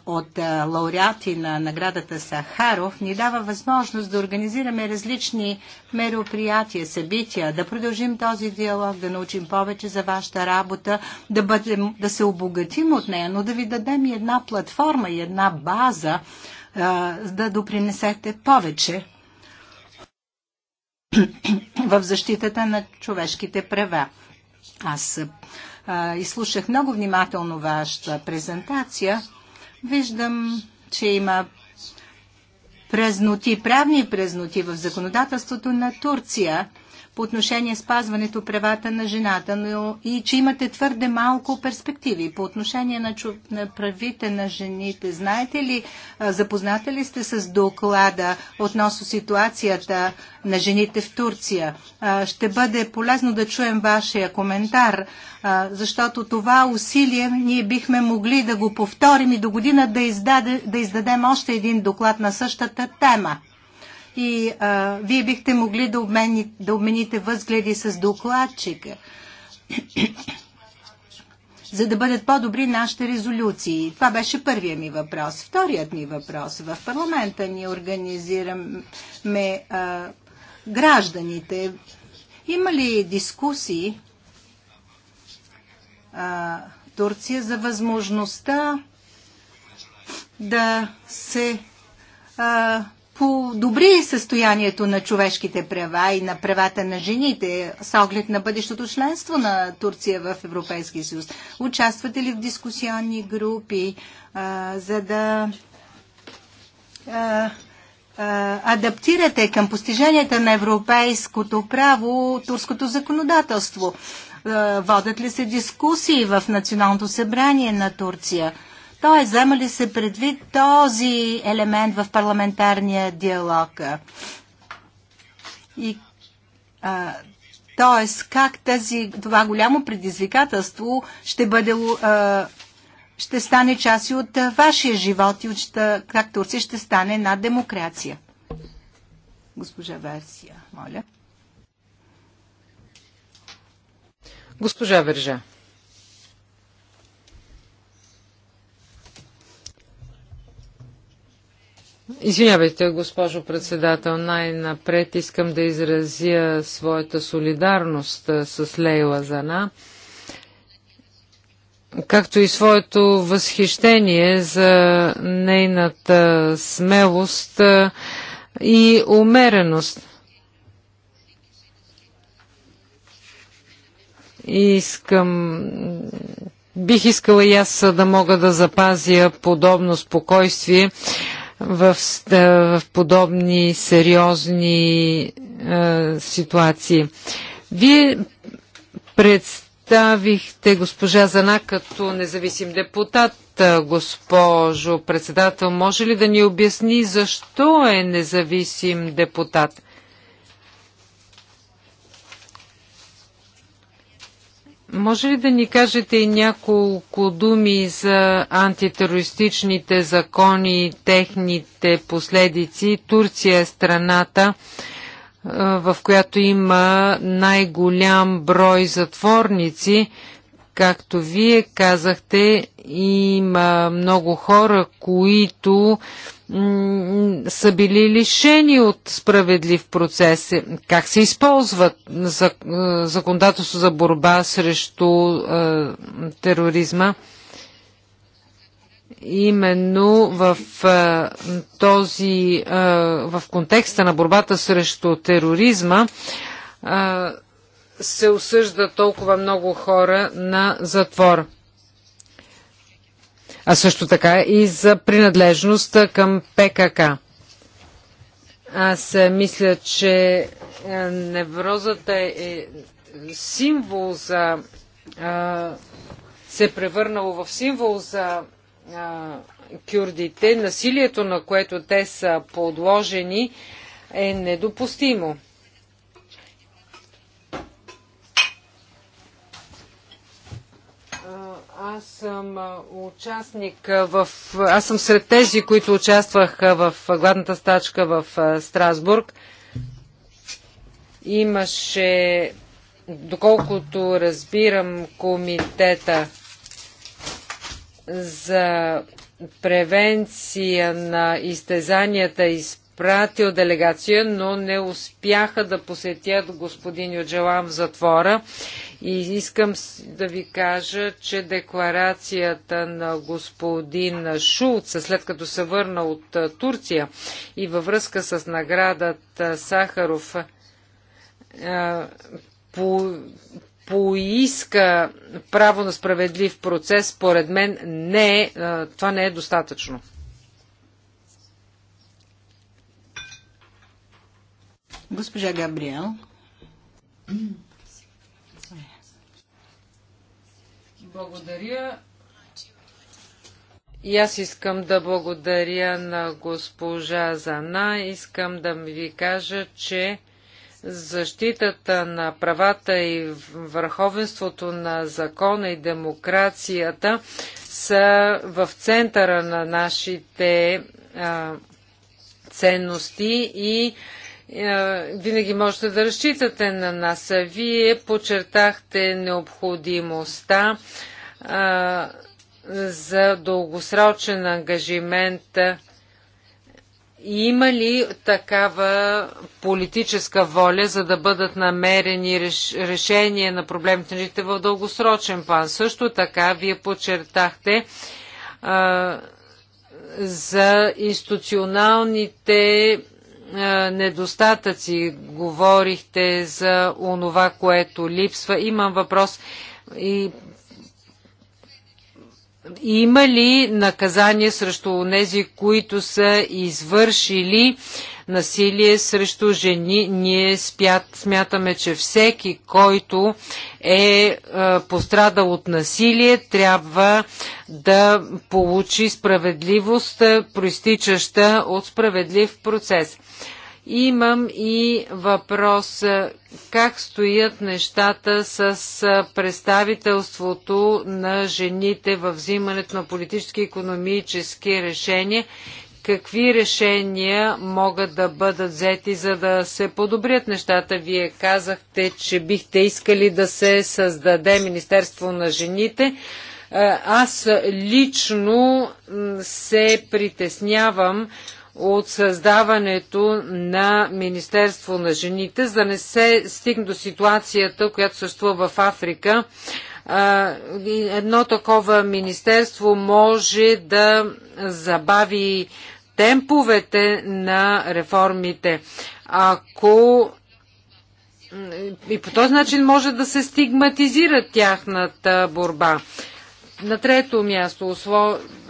от лауреати на наградата Сахаров ни дава възможност да организираме различни мероприятия, събития, да продължим този диалог, да научим повече за вашата работа, да, бъдем, да се обогатим от нея, но да ви дадем и една платформа и една база, да допринесете повече в защитата на човешките права. Аз изслушах много внимателно вашата презентация. Виждам, че има празноти, правни празноти в законодателството на Турция по отношение спазването правата на жената, но и че имате твърде малко перспективи по отношение на, чу... на правите на жените. Знаете ли, запознате ли сте с доклада относно ситуацията на жените в Турция? Ще бъде полезно да чуем вашия коментар, защото това усилие ние бихме могли да го повторим и до година да, издаде, да издадем още един доклад на същата тема и а, вие бихте могли да, обмени, да обмените възгледи с докладчика, за да бъдат по-добри нашите резолюции. Това беше първия ми въпрос. Вторият ми въпрос. В парламента ни организираме а, гражданите. Има ли дискусии а, Турция за възможността да се а, подобри състоянието на човешките права и на правата на жените с оглед на бъдещото членство на Турция в Европейския съюз? Участвате ли в дискусионни групи, а, за да а, а, адаптирате към постиженията на европейското право турското законодателство? Водят ли се дискусии в Националното събрание на Турция? Той е взема ли се предвид този елемент в парламентарния диалог? И, а, тоест, как тази, това голямо предизвикателство ще бъде а, ще стане част и от вашия живот и от, как Турция ще стане на демокрация. Госпожа Версия, моля. Госпожа Вержа. Извинявайте, госпожо председател, най-напред искам да изразя своята солидарност с Лейла Зана, както и своето възхищение за нейната смелост и умереност. Искам Бих искала и аз да мога да запазя подобно спокойствие в, в подобни сериозни е, ситуации. Вие представихте госпожа Зана като независим депутат, госпожо председател. Може ли да ни обясни защо е независим депутат? Може ли да ни кажете няколко думи за антитерористичните закони и техните последици? Турция е страната, е, в която има най-голям брой затворници. Както вие казахте, има много хора, които са били лишени от справедлив процес, как се използват е, законодателство за борба срещу е, тероризма. Именно в е, този, в контекста на борбата срещу тероризма се осъжда толкова много хора на затвор а също така и за принадлежност към ПКК. Аз е, мисля, че е, неврозата е, е символ за. се е превърнало в символ за кюрдите. Насилието, на което те са подложени, е недопустимо. Аз съм участник в... Аз съм сред тези, които участвах в гладната стачка в Страсбург. Имаше, доколкото разбирам, комитета за превенция на изтезанията и пратил делегация, но не успяха да посетят господин Юджелан в затвора. И искам да ви кажа, че декларацията на господин Шулц, след като се върна от Турция и във връзка с наградата Сахаров, по, поиска право на справедлив процес, според мен не е, това не е достатъчно. Госпожа Габриел. Благодаря. И аз искам да благодаря на госпожа Зана. Искам да ви кажа, че защитата на правата и върховенството на закона и демокрацията са в центъра на нашите а, ценности и е, винаги можете да разчитате на нас. Вие подчертахте необходимостта е, за дългосрочен ангажимент. Има ли такава политическа воля, за да бъдат намерени решения на проблемите на жителите в дългосрочен план? Също така, вие подчертахте а, е, за институционалните е, недостатъци. Говорихте за онова, което липсва. Имам въпрос. И има ли наказание срещу тези, които са извършили насилие срещу жени. Ние спят, смятаме, че всеки, който е, е пострадал от насилие, трябва да получи справедливост, е, проистичаща от справедлив процес. Имам и въпрос е, как стоят нещата с представителството на жените в взимането на политически и економически решения какви решения могат да бъдат взети, за да се подобрят нещата. Вие казахте, че бихте искали да се създаде Министерство на жените. Аз лично се притеснявам от създаването на Министерство на жените, за да не се стигне до ситуацията, която съществува в Африка. Едно такова министерство може да забави темповете на реформите. Ако и по този начин може да се стигматизира тяхната борба. На трето място,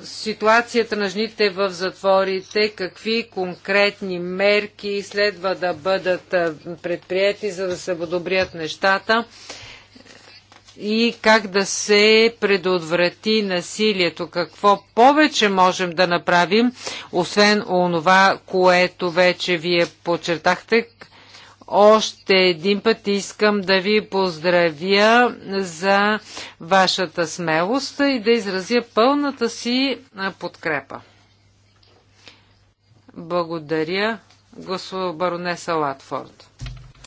ситуацията на жените в затворите, какви конкретни мерки следва да бъдат предприяти, за да се подобрят нещата и как да се предотврати насилието. Какво повече можем да направим, освен онова, което вече вие подчертахте? Още един път искам да ви поздравя за вашата смелост и да изразя пълната си подкрепа. Благодаря, господин баронеса Латфорд.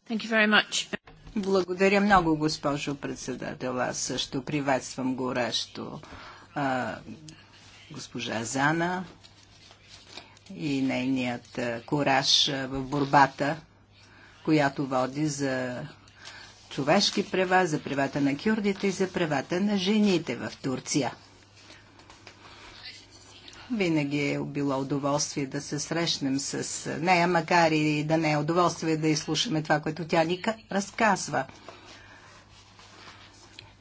Thank you very much. Благодаря много, госпожо председател. Аз също приветствам горещо а, госпожа Зана и нейният кораж в борбата, която води за човешки права, за правата на кюрдите и за правата на жените в Турция. Винаги е било удоволствие да се срещнем с нея, макар и да не е удоволствие да изслушаме това, което тя ни разказва.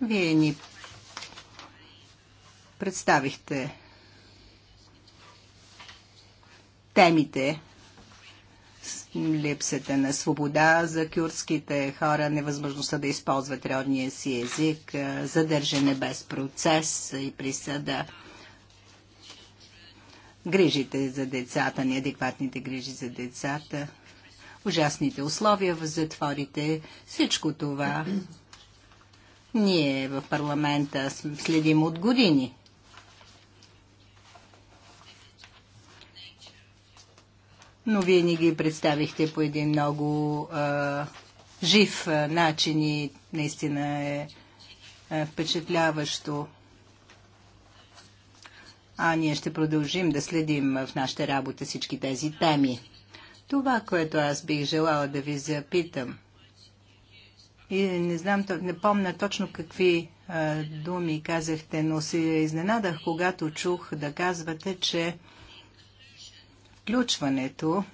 Вие ни представихте темите, липсата на свобода за кюрдските хора, невъзможността да използват родния си език, задържане без процес и присъда грижите за децата, неадекватните грижи за децата, ужасните условия в затворите, всичко това ние в парламента следим от години. Но вие ни ги представихте по един много а, жив начин и наистина е а, впечатляващо а ние ще продължим да следим в нашата работа всички тези теми. Това, което аз бих желала да ви запитам, и не знам, не помня точно какви а, думи казахте, но се изненадах, когато чух да казвате, че включването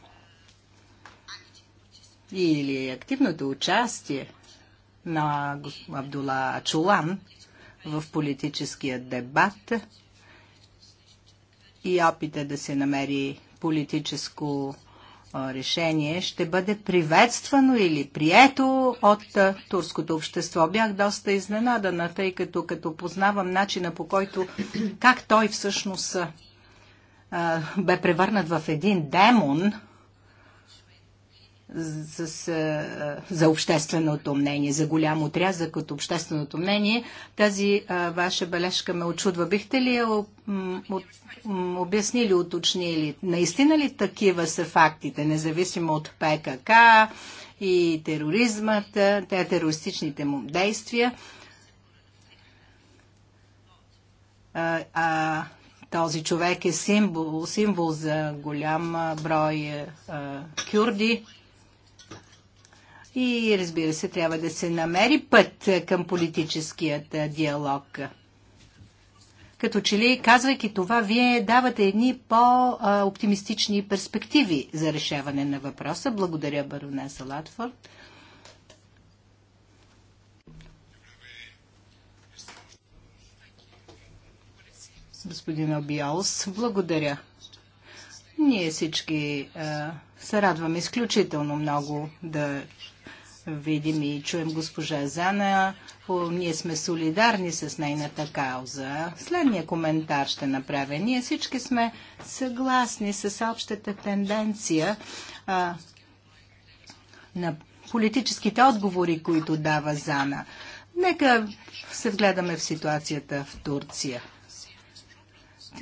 или активното участие на Абдула Ачулан в политическия дебат и опита да се намери политическо решение ще бъде приветствано или прието от турското общество. Бях доста изненадана, тъй като като познавам начина по който, как той всъщност бе превърнат в един демон – с, с, за общественото мнение, за голям отрязък от общественото мнение. Тази а, ваша бележка ме очудва. Бихте ли я обяснили, уточнили? Наистина ли такива са фактите, независимо от ПКК и тероризмата, те терористичните му действия? А, а, този човек е символ, символ за голям брой а, кюрди и разбира се, трябва да се намери път към политическият диалог. Като че ли, казвайки това, вие давате едни по-оптимистични перспективи за решаване на въпроса. Благодаря, баронеса Латфорд. господин Обиолс. Благодаря. Ние всички а, се радваме изключително много да видим и чуем госпожа Зана. Ние сме солидарни с нейната кауза. Следния коментар ще направя. Ние всички сме съгласни с общата тенденция а, на политическите отговори, които дава Зана. Нека се вгледаме в ситуацията в Турция.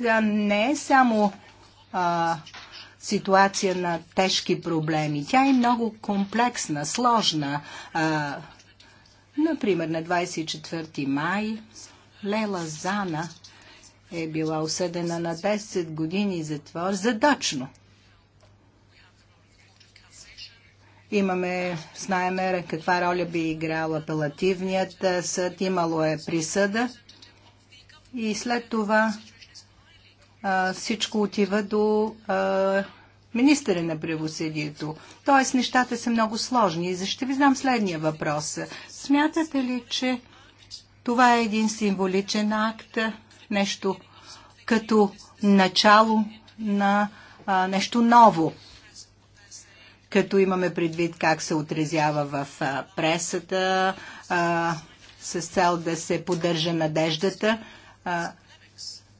Тя не е само а, ситуация на тежки проблеми. Тя е много комплексна, сложна. А, например, на 24 май Лела Зана е била осъдена на 10 години затвор задачно. Имаме, знаеме каква роля би играл апелативният съд, имало е присъда и след това всичко отива до а, министъра на правосъдието. Тоест нещата са много сложни. И ще ви знам следния въпрос. Смятате ли, че това е един символичен акт, нещо като начало на а, нещо ново? като имаме предвид как се отразява в а, пресата, а, с цел да се поддържа надеждата. А,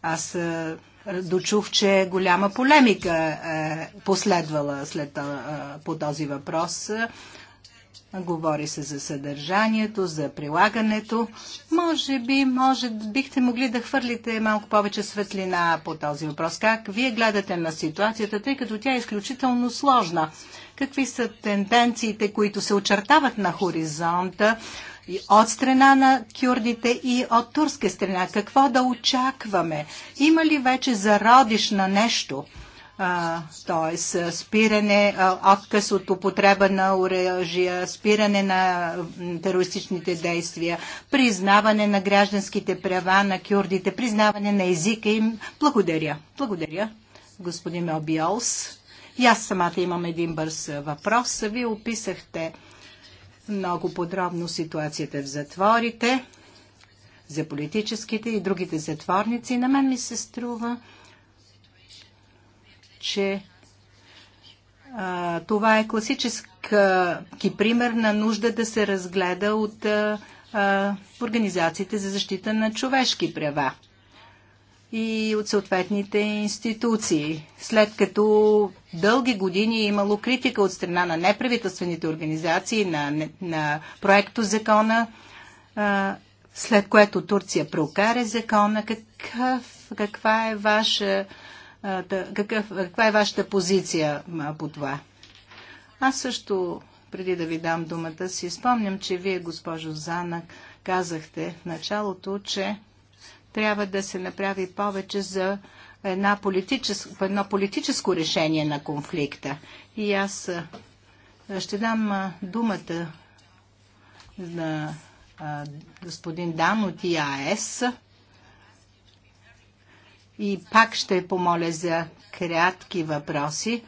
аз а, дочух, че голяма полемика е последвала след, е, по този въпрос. Говори се за съдържанието, за прилагането. Може би, може, бихте могли да хвърлите малко повече светлина по този въпрос. Как вие гледате на ситуацията, тъй като тя е изключително сложна? Какви са тенденциите, които се очертават на хоризонта и от страна на кюрдите и от турска страна. Какво да очакваме? Има ли вече зародиш на нещо? т.е. спиране, отказ от употреба на оръжия, спиране на терористичните действия, признаване на гражданските права на кюрдите, признаване на езика им. Благодаря. Благодаря, господин Обиолс. И аз самата имам един бърз въпрос. Вие описахте много подробно ситуацията в затворите, за политическите и другите затворници. На мен ми се струва, че а, това е класически пример на нужда да се разгледа от а, организациите за защита на човешки права и от съответните институции. След като дълги години е имало критика от страна на неправителствените организации, на, на проекто закона, след което Турция прокара закона, какъв, каква, е ваша, какъв, каква е вашата позиция по това? Аз също, преди да ви дам думата, си спомням, че вие, госпожо Занак, казахте в началото, че трябва да се направи повече за една политическо, едно политическо решение на конфликта. И аз ще дам думата на господин Дан от ИАС. И пак ще помоля за кратки въпроси,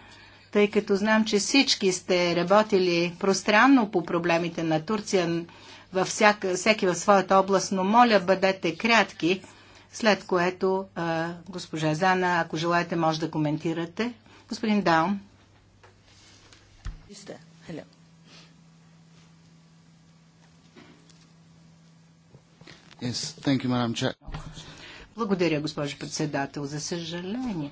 тъй като знам, че всички сте работили пространно по проблемите на Турция във всяка, всеки в своята област, но моля бъдете кратки след което а, госпожа Зана, ако желаете, може да коментирате. Господин Даун. Uh, yes, thank you, madam Благодаря, госпожо председател. За съжаление,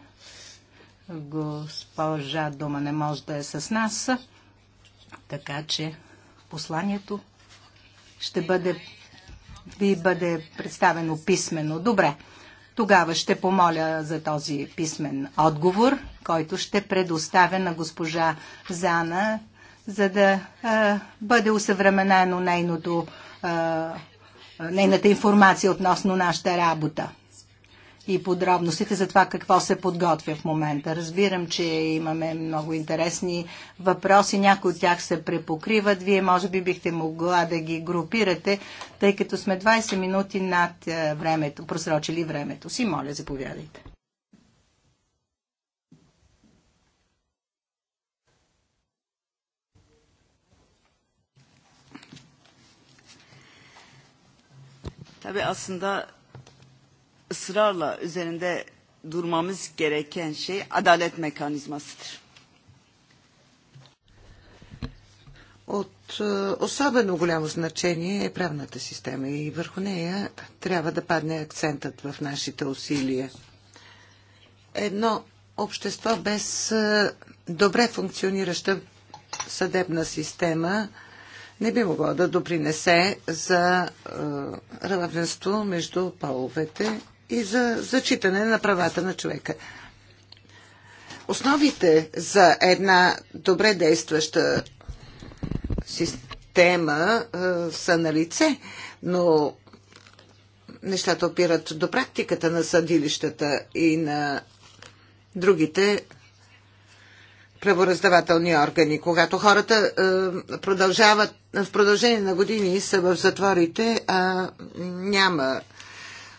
госпожа Дума не може да е с нас, така че посланието ще бъде ви бъде представено писменно. Добре. Тогава ще помоля за този писмен отговор, който ще предоставя на госпожа Зана, за да а, бъде усъвременено нейното, а, нейната информация относно нашата работа и подробностите за това какво се подготвя в момента. Разбирам, че имаме много интересни въпроси. Някои от тях се препокриват. Вие може би бихте могла да ги групирате, тъй като сме 20 минути над е, времето, просрочили времето си. Моля, заповядайте. Tabii aslında ısrarla üzerinde durmamız gereken şey adalet mekanizmasıdır. От е, особено голямо значение е правната система и върху нея трябва да падне акцентът в нашите усилия. Едно общество без е, добре функционираща съдебна система не би могло да допринесе за е, равенство между половете и за зачитане на правата на човека. Основите за една добре действаща система е, са на лице, но нещата опират до практиката на съдилищата и на другите правораздавателни органи. Когато хората е, продължават в продължение на години са в затворите, а няма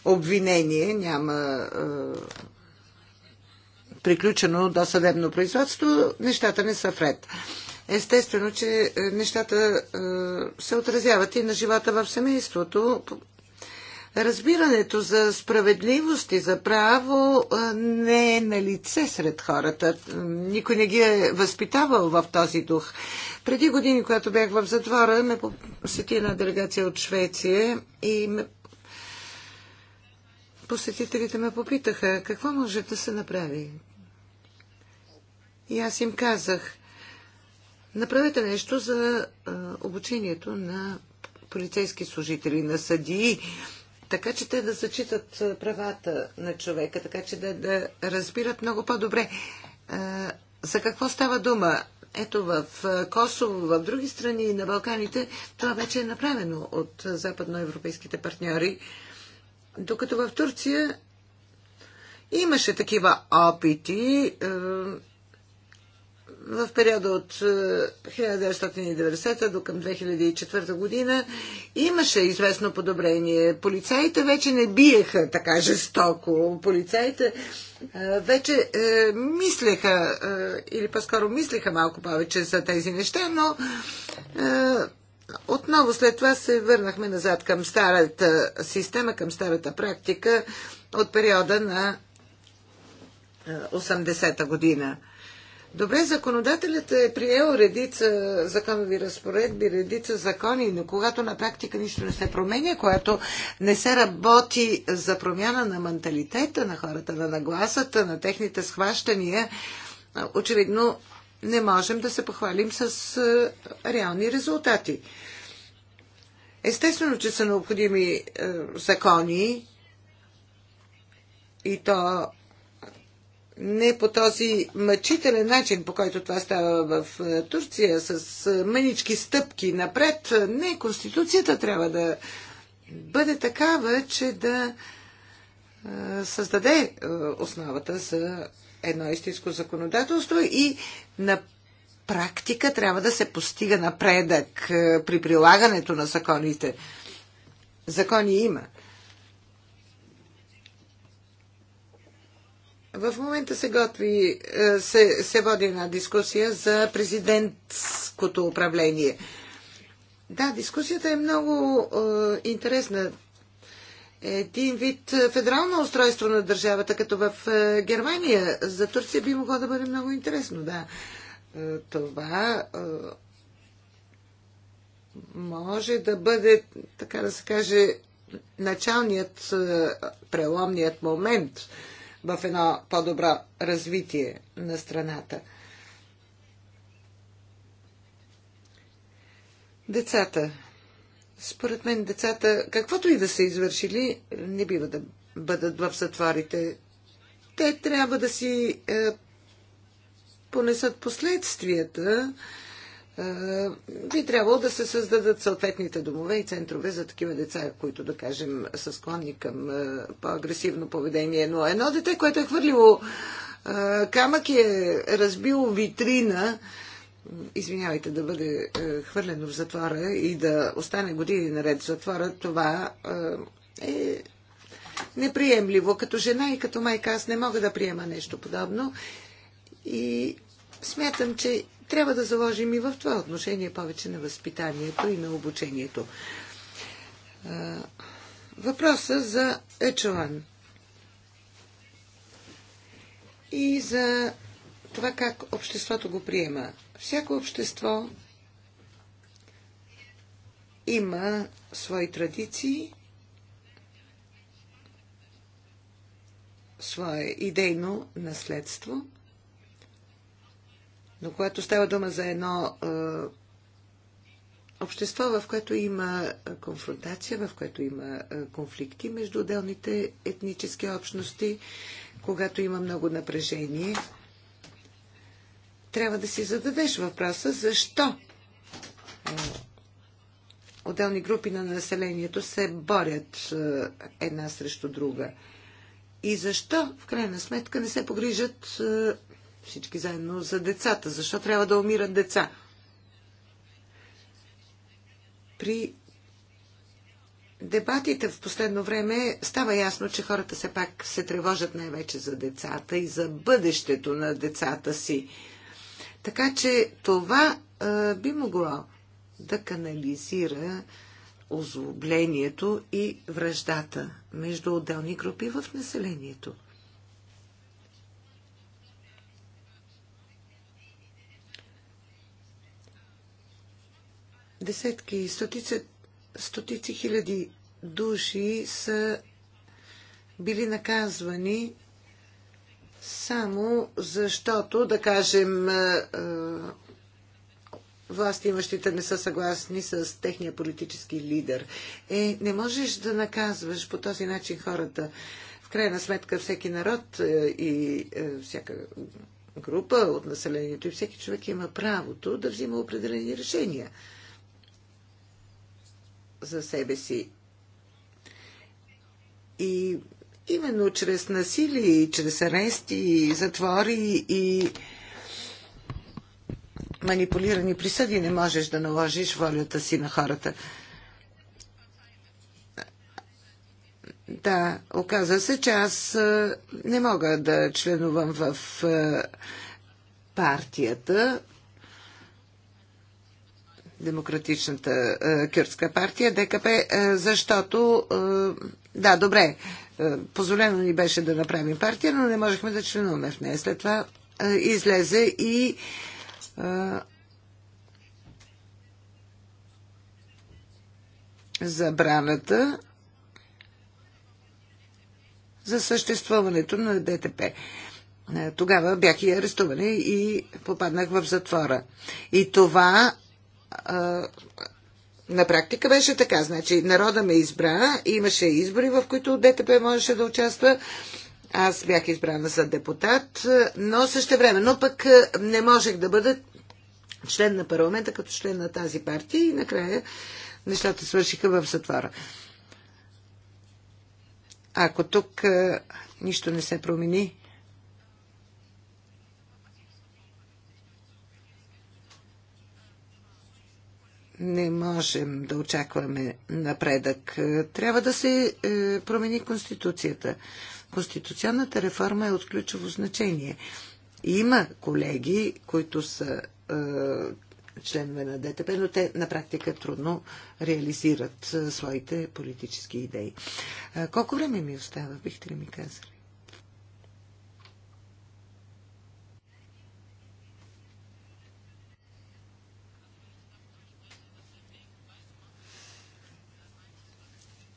обвинение, няма приключено до съдебно производство, нещата не са вред. Естествено, че нещата се отразяват и на живота в семейството. Разбирането за справедливост и за право не е на лице сред хората. Никой не ги е възпитавал в този дух. Преди години, когато бях в затвора, ме посети една делегация от Швеция и ме посетителите ме попитаха какво може да се направи. И аз им казах, направете нещо за обучението на полицейски служители, на съдии, така че те да зачитат правата на човека, така че да, да разбират много по-добре за какво става дума. Ето в Косово, в други страни на Балканите, това вече е направено от западноевропейските партньори. Докато в Турция имаше такива опити е, в периода от 1990 е, до към 2004 година имаше известно подобрение. Полицаите вече не биеха така жестоко. Полицаите е, вече е, мислеха, е, или по-скоро мислеха малко повече за тези неща, но отново след това се върнахме назад към старата система, към старата практика от периода на 80-та година. Добре, законодателят е приел редица законови разпоредби, редица закони, но когато на практика нищо не се променя, когато не се работи за промяна на менталитета на хората, на нагласата, на техните схващания, очевидно не можем да се похвалим с е, реални резултати. Естествено, че са необходими е, закони и то не по този мъчителен начин, по който това става в е, Турция, с мънички стъпки напред. Не, Конституцията трябва да бъде такава, че да създаде основата за едно истинско законодателство и на практика трябва да се постига напредък е, при прилагането на законите. Закони има. В момента се готви, е, се, се води една дискусия за президентското управление. Да, дискусията е много е, интересна един вид е, федерално устройство на държавата, като в е, Германия. За Турция би могло да бъде много интересно, да. Е, това може да бъде, така да се каже, началният преломният момент в едно по-добро развитие на страната. Децата според мен децата, каквото и да са извършили, не бива да бъдат в затворите. Те трябва да си е, понесат последствията. Е, би трябвало да се създадат съответните домове и центрове за такива деца, които, да кажем, са склонни към е, по-агресивно поведение. Но едно дете, което е хвърлило е, камък и е разбило витрина, е, извинявайте, да бъде е, хвърлено в затвора и да остане години наред в затвора, това е, е неприемливо. Като жена и като майка аз не мога да приема нещо подобно. И смятам, че трябва да заложим и в това отношение повече на възпитанието и на обучението. Е, въпроса за Ечелан и за това как обществото го приема. Всяко общество има свои традиции, свое идейно наследство, но когато става дума за едно е, общество, в което има конфронтация, в което има е, конфликти между отделните етнически общности, когато има много напрежение, трябва да си зададеш въпроса защо е, отделни групи на населението се борят е, една срещу друга. И защо, в крайна сметка, не се погрижат е, всички заедно за децата? Защо трябва да умират деца? При дебатите в последно време става ясно, че хората все пак се тревожат най-вече за децата и за бъдещето на децата си. Така че това а, би могло да канализира озлоблението и връждата между отделни групи в населението. Десетки, стотици, стотици хиляди души са били наказвани само защото, да кажем, е, е, власти имащите не са съгласни с техния политически лидер. Е, не можеш да наказваш по този начин хората. В крайна сметка всеки народ е, и всяка група от населението и всеки човек има правото да взима определени решения за себе си. И именно чрез насилие, чрез арести, и затвори и манипулирани присъди не можеш да наложиш волята си на хората. Да, оказа се, че аз не мога да членувам в партията, Демократичната кюртска партия, ДКП, защото да, добре. Е, позволено ни беше да направим партия, но не можехме да членуваме в нея. След това е, излезе и е, забраната за съществуването на ДТП. Тогава бях и арестувана и попаднах в затвора. И това на практика беше така. Значи народа ме избра, имаше избори, в които ДТП можеше да участва. Аз бях избрана за депутат, но също време, но пък не можех да бъда член на парламента като член на тази партия и накрая нещата свършиха в затвора. Ако тук нищо не се промени, не можем да очакваме напредък. Трябва да се е, промени Конституцията. Конституционната реформа е от ключово значение. Има колеги, които са е, членове на ДТП, но те на практика трудно реализират е, своите политически идеи. Колко време ми остава, бихте ли ми казали?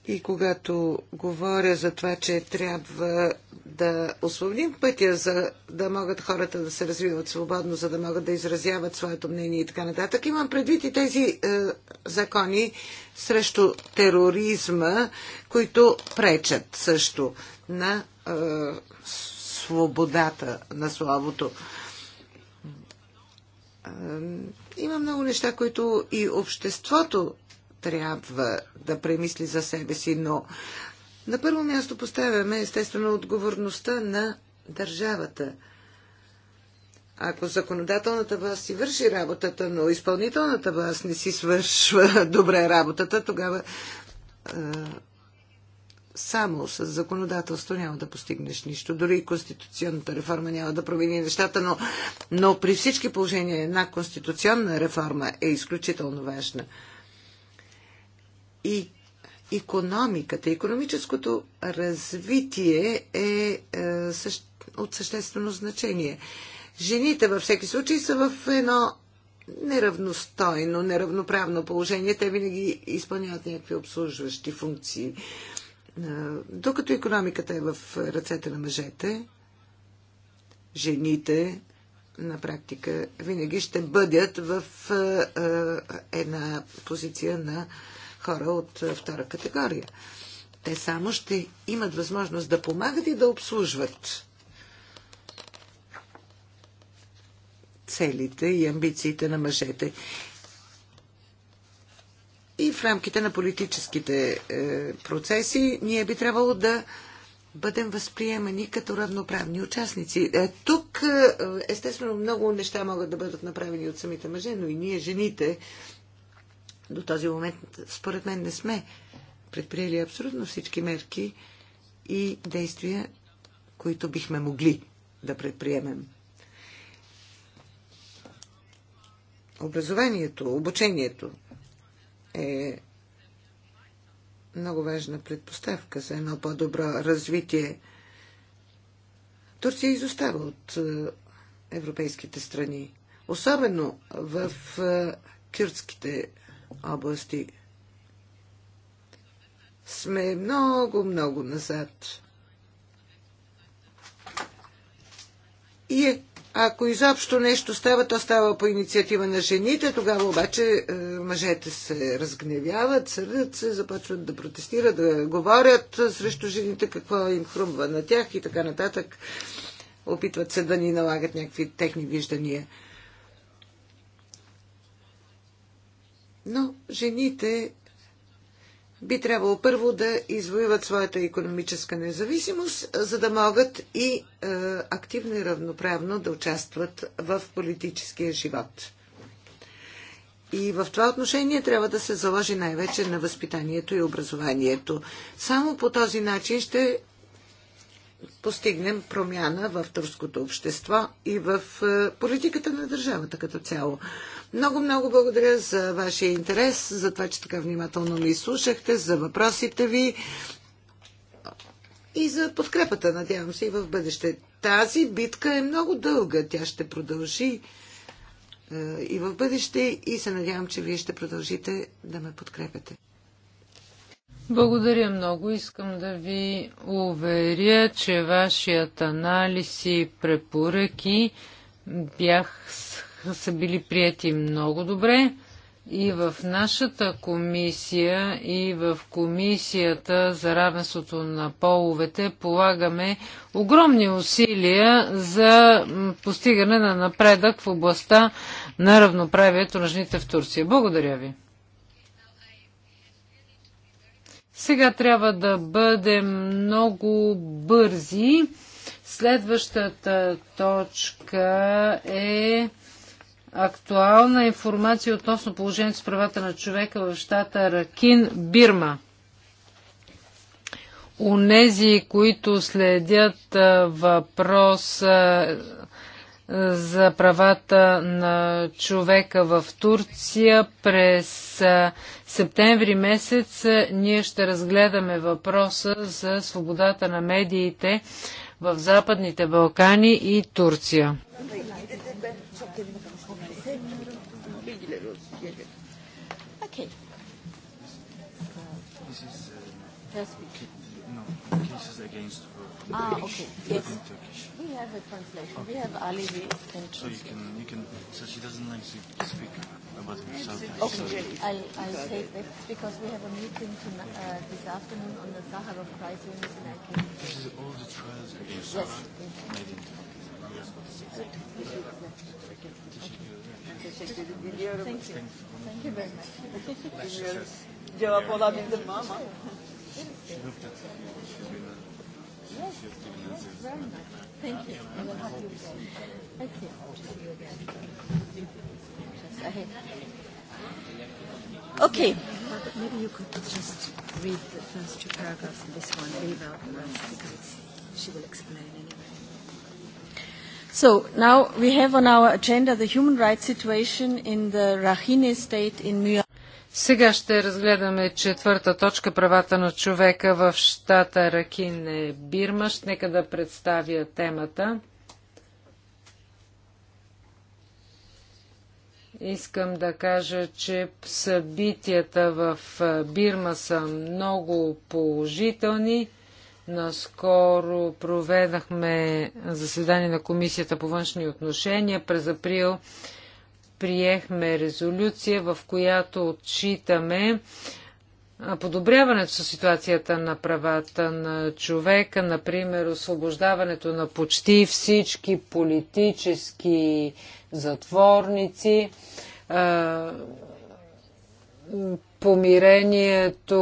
И когато говоря за това, че трябва да освободим пътя, за да могат хората да се развиват свободно, за да могат да изразяват своето мнение и така нататък, имам предвид и тези е, закони срещу тероризма, които пречат също на е, свободата на словото. Е, има много неща, които и обществото трябва да премисли за себе си, но на първо място поставяме естествено отговорността на държавата. Ако законодателната власт си върши работата, но изпълнителната власт не си свършва добре работата, тогава е, само с законодателство няма да постигнеш нищо. Дори и конституционната реформа няма да промени нещата, но, но при всички положения една конституционна реформа е изключително важна и економиката, економическото развитие е, е от съществено значение. Жените във всеки случай са в едно неравностойно, неравноправно положение. Те винаги изпълняват някакви обслужващи функции. Докато економиката е в ръцете на мъжете, жените на практика винаги ще бъдят в една позиция на хора от е, втора категория. Те само ще имат възможност да помагат и да обслужват целите и амбициите на мъжете. И в рамките на политическите е, процеси ние би трябвало да бъдем възприемани като равноправни участници. Е, тук, е, естествено, много неща могат да бъдат направени от самите мъже, но и ние, жените, до този момент, според мен, не сме предприели абсолютно всички мерки и действия, които бихме могли да предприемем. Образованието, обучението е много важна предпоставка за едно по-добро развитие. Турция изостава от е, европейските страни, особено в е, страни области сме много, много назад. И е, ако изобщо нещо става, то става по инициатива на жените, тогава обаче е, мъжете се разгневяват, сърдят се, започват да протестират, да говорят срещу жените, какво им хрумва на тях и така нататък. Опитват се да ни налагат някакви техни виждания. Но жените би трябвало първо да извоюват своята економическа независимост, за да могат и е, активно и равноправно да участват в политическия живот. И в това отношение трябва да се заложи най-вече на възпитанието и образованието. Само по този начин ще постигнем промяна в турското общество и в е, политиката на държавата като цяло. Много-много благодаря за вашия интерес, за това, че така внимателно ми слушахте, за въпросите ви и за подкрепата, надявам се, и в бъдеще. Тази битка е много дълга. Тя ще продължи е, и в бъдеще и се надявам, че вие ще продължите да ме подкрепяте. Благодаря много. Искам да ви уверя, че вашият анализ и препоръки бях са били прияти много добре и в нашата комисия, и в комисията за равенството на половете полагаме огромни усилия за постигане на напредък в областта на равноправието на жените в Турция. Благодаря ви. Сега трябва да бъдем много бързи. Следващата точка е актуална информация относно положението с правата на човека в щата Ракин, Бирма. Унези, които следят въпрос за правата на човека в Турция. През септември месец ние ще разгледаме въпроса за свободата на медиите в Западните Балкани и Турция. You're good. Okay. This is. First week. No, cases against her. Ah, Turkish, okay. Yes. We have a translation. Okay. We have Ali. We can so you can, you can. So she doesn't like to speak about herself. Okay. So I'll, I'll say that because we have a meeting to, uh, this afternoon on the Sakharov Prize This is all the trials against yes. her made in Turkey. Okay. Maybe you could just read the first two paragraphs in this one, leave out the rest because she will explain in So now we have on our agenda the human rights situation in the Rakhine state in Myanmar. Сега ще разгледаме четвърта точка правата на човека в щата Ракине Бирмаш. нека да представя темата. Искам да кажа, че събитията в Бирма са много положителни. Наскоро проведахме заседание на Комисията по външни отношения. През април приехме резолюция, в която отчитаме подобряването с ситуацията на правата на човека, например освобождаването на почти всички политически затворници, помирението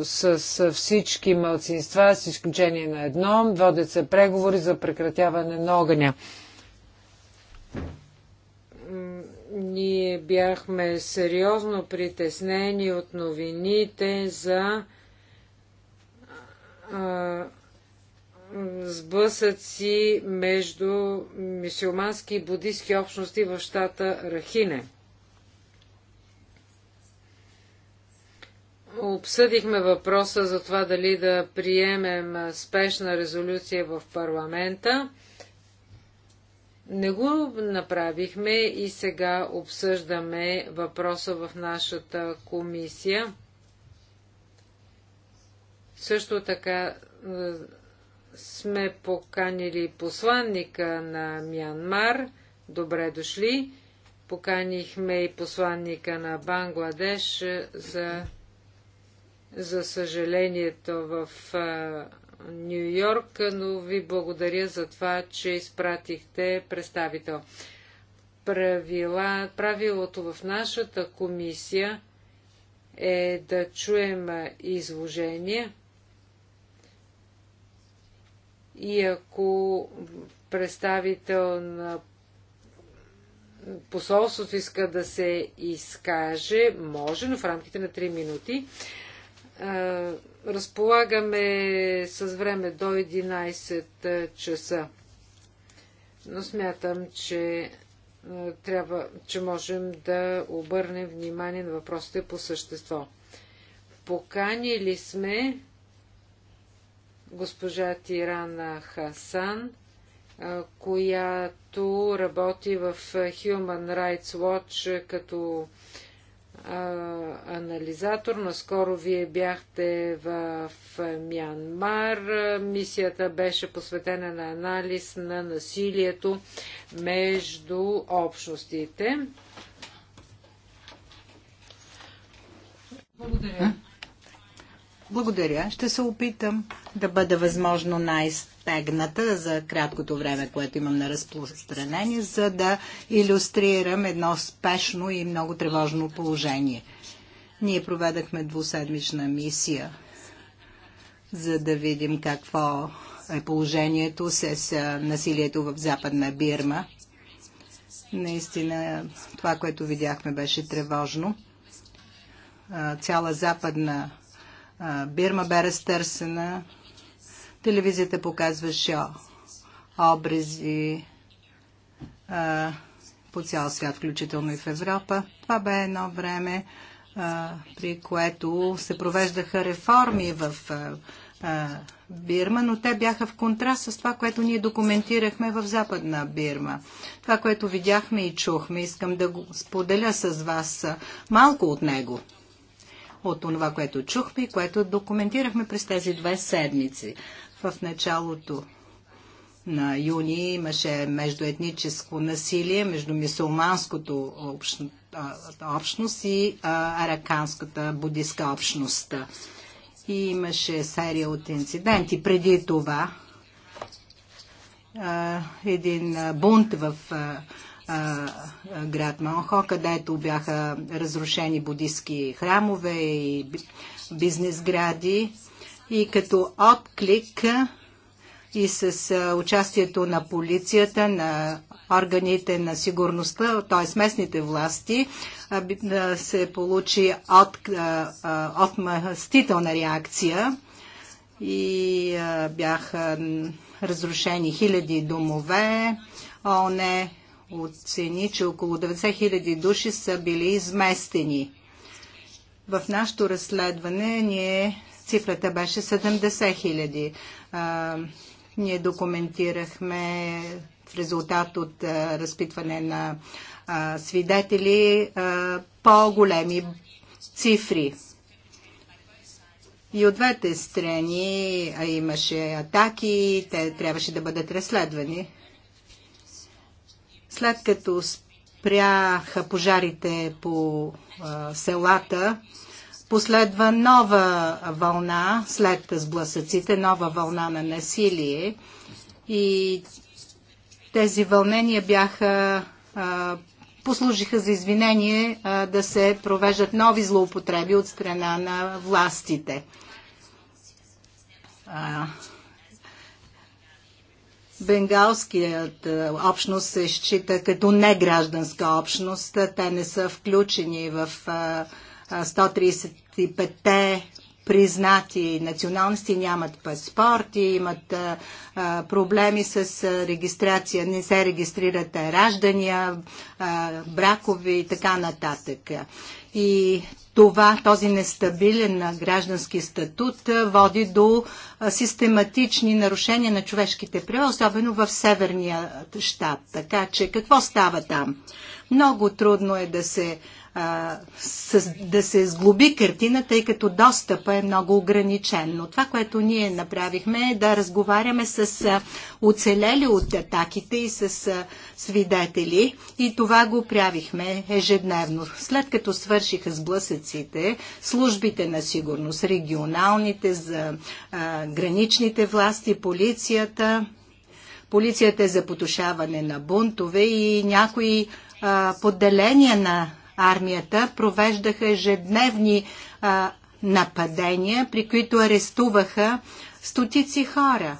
е, с, всички мълцинства, с изключение на едно, водят се преговори за прекратяване на огъня. Ние бяхме сериозно притеснени от новините за е, сблъсъци между мисиомански и буддийски общности в щата Рахине – Обсъдихме въпроса за това дали да приемем спешна резолюция в парламента. Не го направихме и сега обсъждаме въпроса в нашата комисия. Също така е, сме поканили посланника на Мянмар. Добре дошли. Поканихме и посланника на Бангладеш е, за за съжалението в Нью Йорк, но ви благодаря за това, че изпратихте представител. Правила, правилото в нашата комисия е да чуем изложение и ако представител на посолството иска да се изкаже, може, но в рамките на 3 минути разполагаме с време до 11 часа. Но смятам, че трябва, че можем да обърнем внимание на въпросите по същество. Поканили сме госпожа Тирана Хасан, която работи в Human Rights Watch като анализатор. Наскоро вие бяхте в Мянмар. Мисията беше посветена на анализ на насилието между общностите. Благодаря. Благодаря. Ще се опитам да бъда възможно най-стегната за краткото време, което имам на разпространение, за да иллюстрирам едно спешно и много тревожно положение. Ние проведахме двуседмична мисия, за да видим какво е положението с насилието в Западна Бирма. Наистина, това, което видяхме, беше тревожно. Цяла Западна Бирма бе разтърсена. Телевизията показваше обрези по цял свят, включително и в Европа. Това бе едно време, при което се провеждаха реформи в Бирма, но те бяха в контраст с това, което ние документирахме в Западна Бирма. Това, което видяхме и чухме, искам да го споделя с вас малко от него от това, което чухме и което документирахме през тези две седмици. В началото на юни имаше междуетническо насилие между мисулманското общ... общност и араканската будистка общност. И имаше серия от инциденти. Преди това един бунт в град Манхо, където бяха разрушени будистки храмове и бизнес гради. И като отклик и с участието на полицията, на органите на сигурността, т.е. местните власти, се получи от, отмъстителна реакция и бяха разрушени хиляди домове. ОНЕ, оцени, че около 90 000 души са били изместени. В нашето разследване ние, цифрата беше 70 000. Ние документирахме в резултат от разпитване на свидетели по-големи цифри. И от двете страни имаше атаки, те трябваше да бъдат разследвани. След като спряха пожарите по а, селата, последва нова вълна след сблъсъците, нова вълна на насилие и тези вълнения бяха а, послужиха за извинение а, да се провеждат нови злоупотреби от страна на властите. А, Бенгалският е, общност се счита като негражданска общност. Те не са включени в 135-те е, е, признати националности, нямат паспорти, имат а, проблеми с регистрация, не се регистрират раждания, а, бракови и така нататък. И това, този нестабилен граждански статут води до систематични нарушения на човешките права, особено в Северния щат. Така че какво става там? Много трудно е да се, а, с, да се сглоби картина, тъй като достъпа е много ограничен. Но това, което ние направихме е да разговаряме с а, оцелели от атаките и с а, свидетели и това го правихме ежедневно. След като свършиха сблъсъците, службите на сигурност, регионалните, за а, граничните власти, полицията, полицията е за потушаване на бунтове и някои Поделения на армията провеждаха ежедневни нападения, при които арестуваха стотици хора.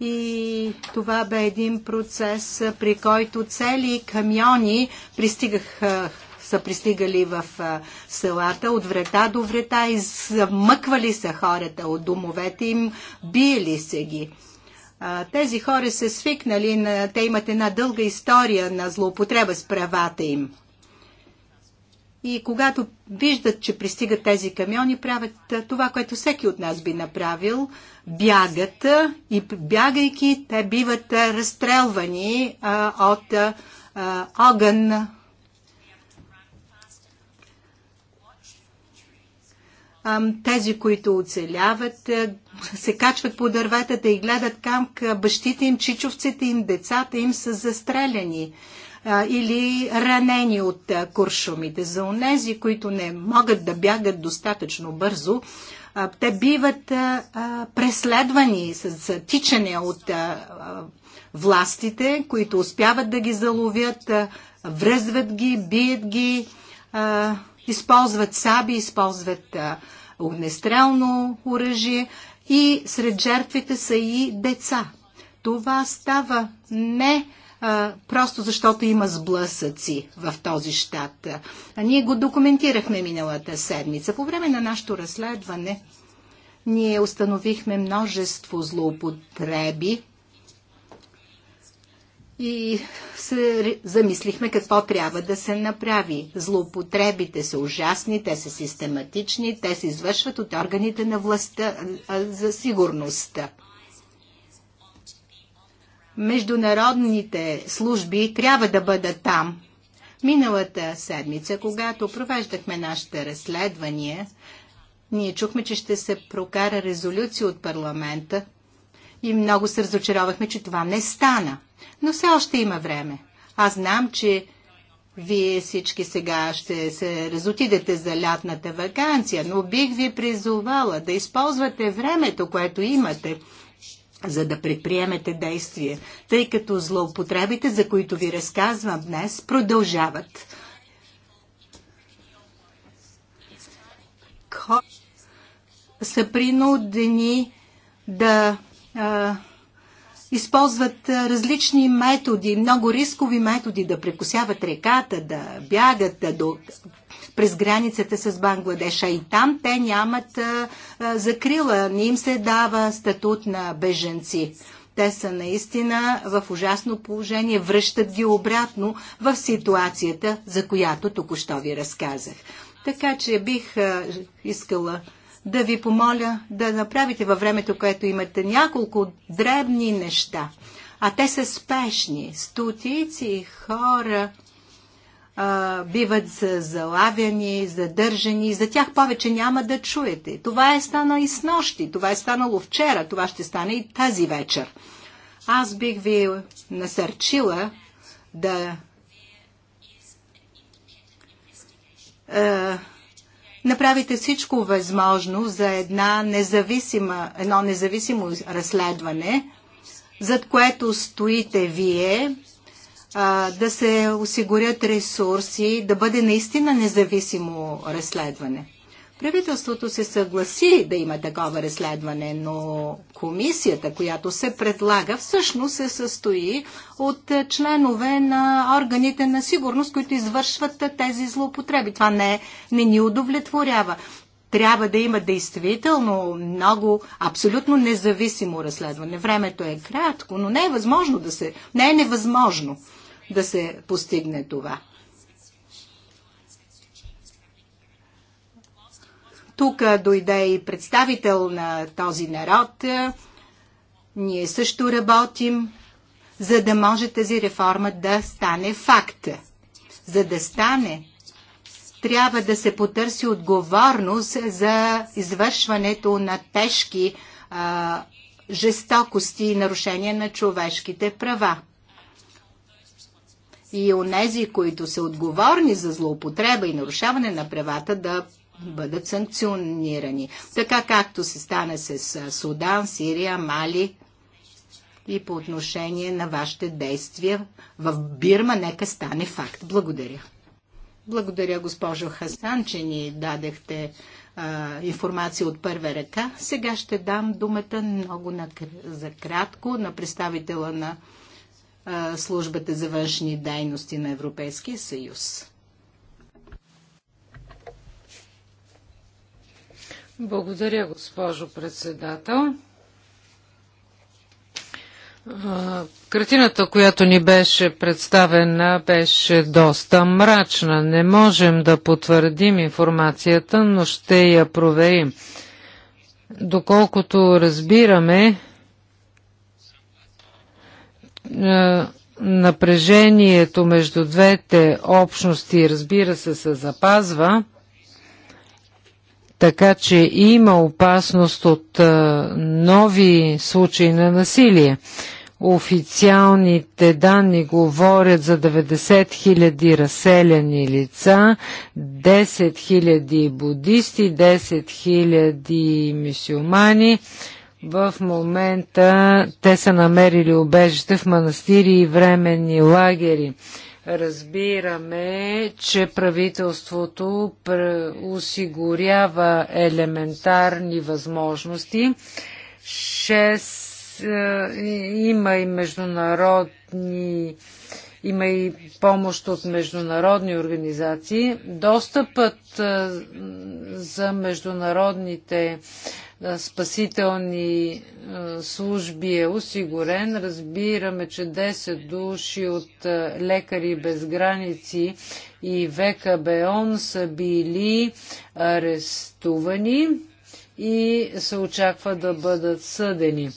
И това бе един процес, при който цели камиони пристигаха са пристигали в селата от врата до врата, замъквали са хората от домовете им, биели се ги. А, тези хора са свикнали, на, те имат една дълга история на злоупотреба с правата им. И когато виждат, че пристигат тези камиони, правят това, което всеки от нас би направил. Бягат и бягайки, те биват разстрелвани а, от а, огън тези, които оцеляват, е, се качват по дърветата и гледат към е, бащите им, чичовците им, децата им са застреляни е, или ранени от куршумите. За онези, които не могат да бягат достатъчно бързо, те биват преследвани с тичане от властите, които успяват да ги заловят, връзват ги, бият ги, използват саби, използват огнестрелно оръжие и сред жертвите са и деца. Това става не а, просто защото има сблъсъци в този щат. А ние го документирахме миналата седмица. По време на нашето разследване ние установихме множество злоупотреби и се замислихме какво трябва да се направи. Злоупотребите са ужасни, те са систематични, те се извършват от органите на властта за сигурността. Международните служби трябва да бъдат там. Миналата седмица, когато провеждахме нашите разследвания, ние чухме, че ще се прокара резолюция от парламента, и много се разочаровахме, че това не стана. Но все още има време. Аз знам, че вие всички сега ще се разотидете за лятната вакансия, но бих ви призовала да използвате времето, което имате, за да предприемете действие, тъй като злоупотребите, за които ви разказвам днес, продължават. Ко... Са принудени да а, използват различни методи, много рискови методи да прекусяват реката, да бягат да, до, през границата с Бангладеша. И там те нямат а, а, закрила, не им се дава статут на беженци. Те са наистина в ужасно положение, връщат ги обратно в ситуацията, за която току-що ви разказах. Така че бих а, искала да ви помоля да направите във времето, което имате няколко дребни неща. А те са спешни. Стотици хора а, биват залавяни, задържани. За тях повече няма да чуете. Това е станало и с нощи, това е станало вчера, това ще стане и тази вечер. Аз бих ви насърчила да а, направите всичко възможно за една независима, едно независимо разследване, зад което стоите вие, а, да се осигурят ресурси, да бъде наистина независимо разследване. Правителството се съгласи да има такова разследване, но комисията, която се предлага, всъщност се състои от членове на органите на сигурност, които извършват тези злоупотреби. Това не, не ни удовлетворява. Трябва да има действително много, абсолютно независимо разследване. Времето е кратко, но не е възможно да се, не е невъзможно да се постигне това. Тук дойде и представител на този народ. Ние също работим, за да може тази реформа да стане факт. За да стане, трябва да се потърси отговорност за извършването на тежки а, жестокости и нарушения на човешките права. И онези, които са отговорни за злоупотреба и нарушаване на правата, да бъдат санкционирани. Така както се стане с Судан, Сирия, Мали и по отношение на вашите действия в Бирма, нека стане факт. Благодаря. Благодаря, госпожо Хасан, че ни дадехте а, информация от първа ръка. Сега ще дам думата много на, за кратко на представителя на а, службата за външни дейности на Европейския съюз. Благодаря, госпожо председател. Картината, която ни беше представена, беше доста мрачна. Не можем да потвърдим информацията, но ще я проверим. Доколкото разбираме, напрежението между двете общности, разбира се, се запазва – така че има опасност от нови случаи на насилие. Официалните данни говорят за 90 000 разселени лица, 10 000 будисти, 10 000 мисюмани. В момента те са намерили убежище в манастири и временни лагери. Разбираме, че правителството осигурява елементарни възможности. Шест, е, има и международни има и помощ от международни организации. Достъпът е, за международните спасителни служби е осигурен. Разбираме, че 10 души от лекари без граници и ВКБОН са били арестувани и се очаква да бъдат съдени.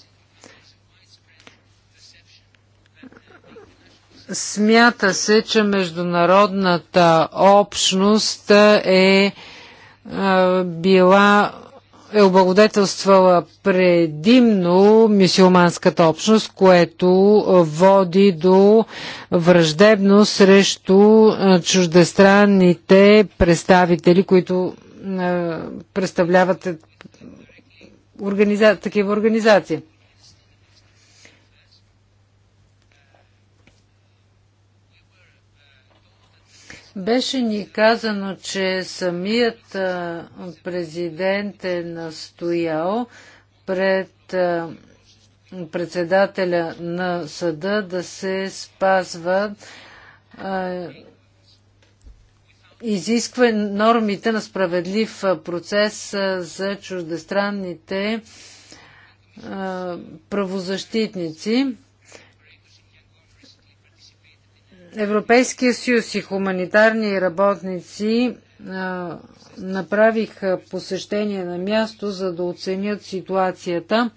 Смята се, че международната общност е била е облагодетелствала предимно мисиоманската общност, което води до враждебно срещу чуждестранните представители, които представляват е, такива организации. Беше ни казано, че самият президент е настоял пред председателя на съда да се спазва изисква нормите на справедлив процес за чуждестранните правозащитници. Европейския съюз и хуманитарни работници а, направиха посещение на място, за да оценят ситуацията.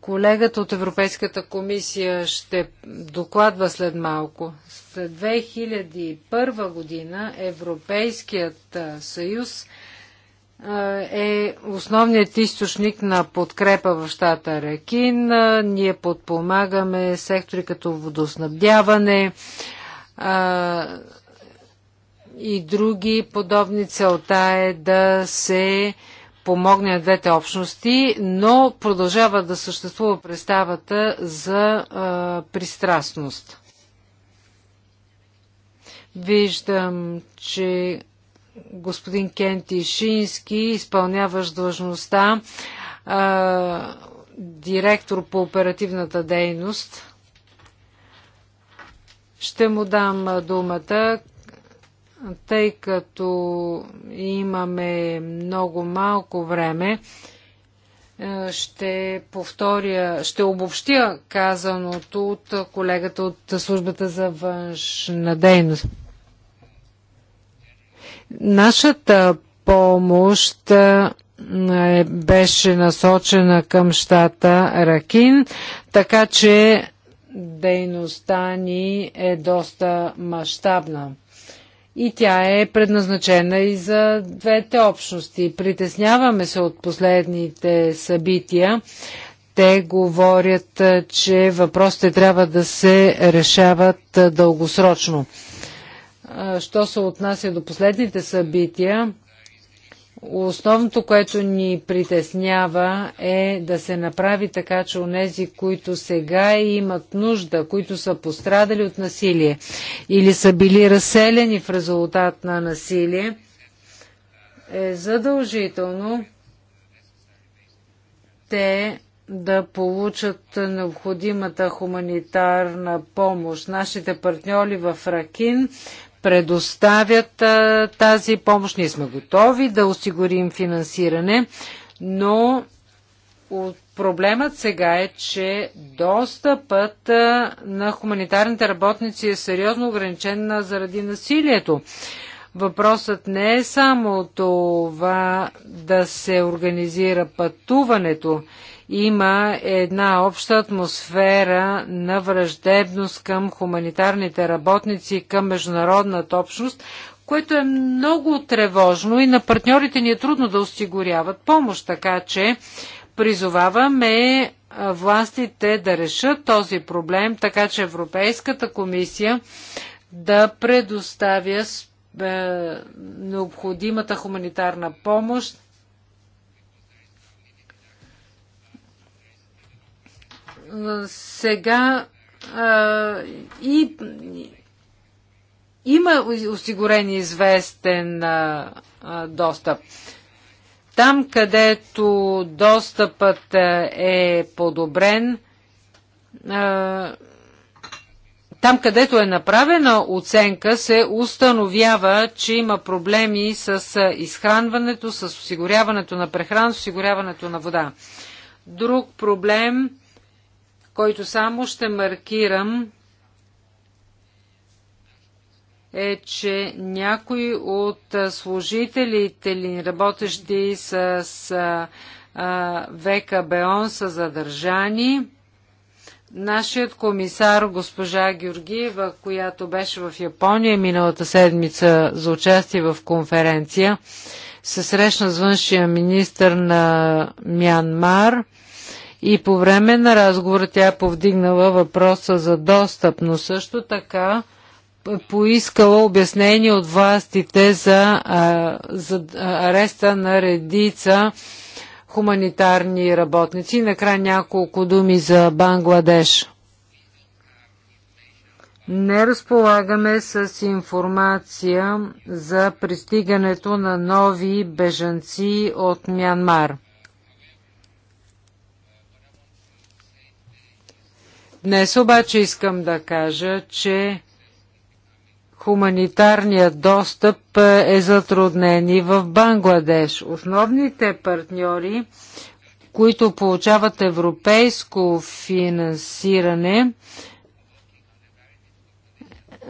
Колегата от Европейската комисия ще докладва след малко. След 2001 година Европейският съюз е основният източник на подкрепа в щата Ракин. Ние подпомагаме сектори като водоснабдяване и други подобни. Целта е да се помогне на двете общности, но продължава да съществува представата за пристрастност. Виждам, че господин Кенти Шински, изпълняващ длъжността а, директор по оперативната дейност. Ще му дам думата, тъй като имаме много малко време. Ще повторя, ще обобщя казаното от колегата от службата за външна дейност. Нашата помощ е, беше насочена към щата Ракин, така че дейността ни е доста мащабна. И тя е предназначена и за двете общности. Притесняваме се от последните събития. Те говорят, че въпросите трябва да се решават дългосрочно. Що се отнася до последните събития, основното, което ни притеснява е да се направи така, че онези, които сега имат нужда, които са пострадали от насилие или са били разселени в резултат на насилие, е задължително те да получат необходимата хуманитарна помощ. Нашите партньори в Ракин предоставят а, тази помощ. Ние сме готови да осигурим финансиране, но проблемът сега е, че достъпът а, на хуманитарните работници е сериозно ограничен заради насилието. Въпросът не е само това да се организира пътуването има една обща атмосфера на враждебност към хуманитарните работници, към международната общност, което е много тревожно и на партньорите ни е трудно да осигуряват помощ, така че призоваваме властите да решат този проблем, така че Европейската комисия да предоставя е, необходимата хуманитарна помощ Сега и има осигурен известен достъп. Там, където достъпът е подобрен, там, където е направена оценка, се установява, че има проблеми с изхранването, с осигуряването на прехрана, с осигуряването на вода. Друг проблем който само ще маркирам, е, че някои от служителите ли, работещи с а, ВКБОН са задържани. Нашият комисар, госпожа Георгиева, която беше в Япония миналата седмица за участие в конференция, се срещна с външния министр на Мянмар – и по време на разговора тя е повдигнала въпроса за достъп, но също така поискала обяснение от властите за, а, за ареста на редица хуманитарни работници. И накрая няколко думи за Бангладеш. Не разполагаме с информация за пристигането на нови бежанци от Мянмар. Днес обаче искам да кажа, че хуманитарният достъп е затруднен и в Бангладеш. Основните партньори, които получават европейско финансиране,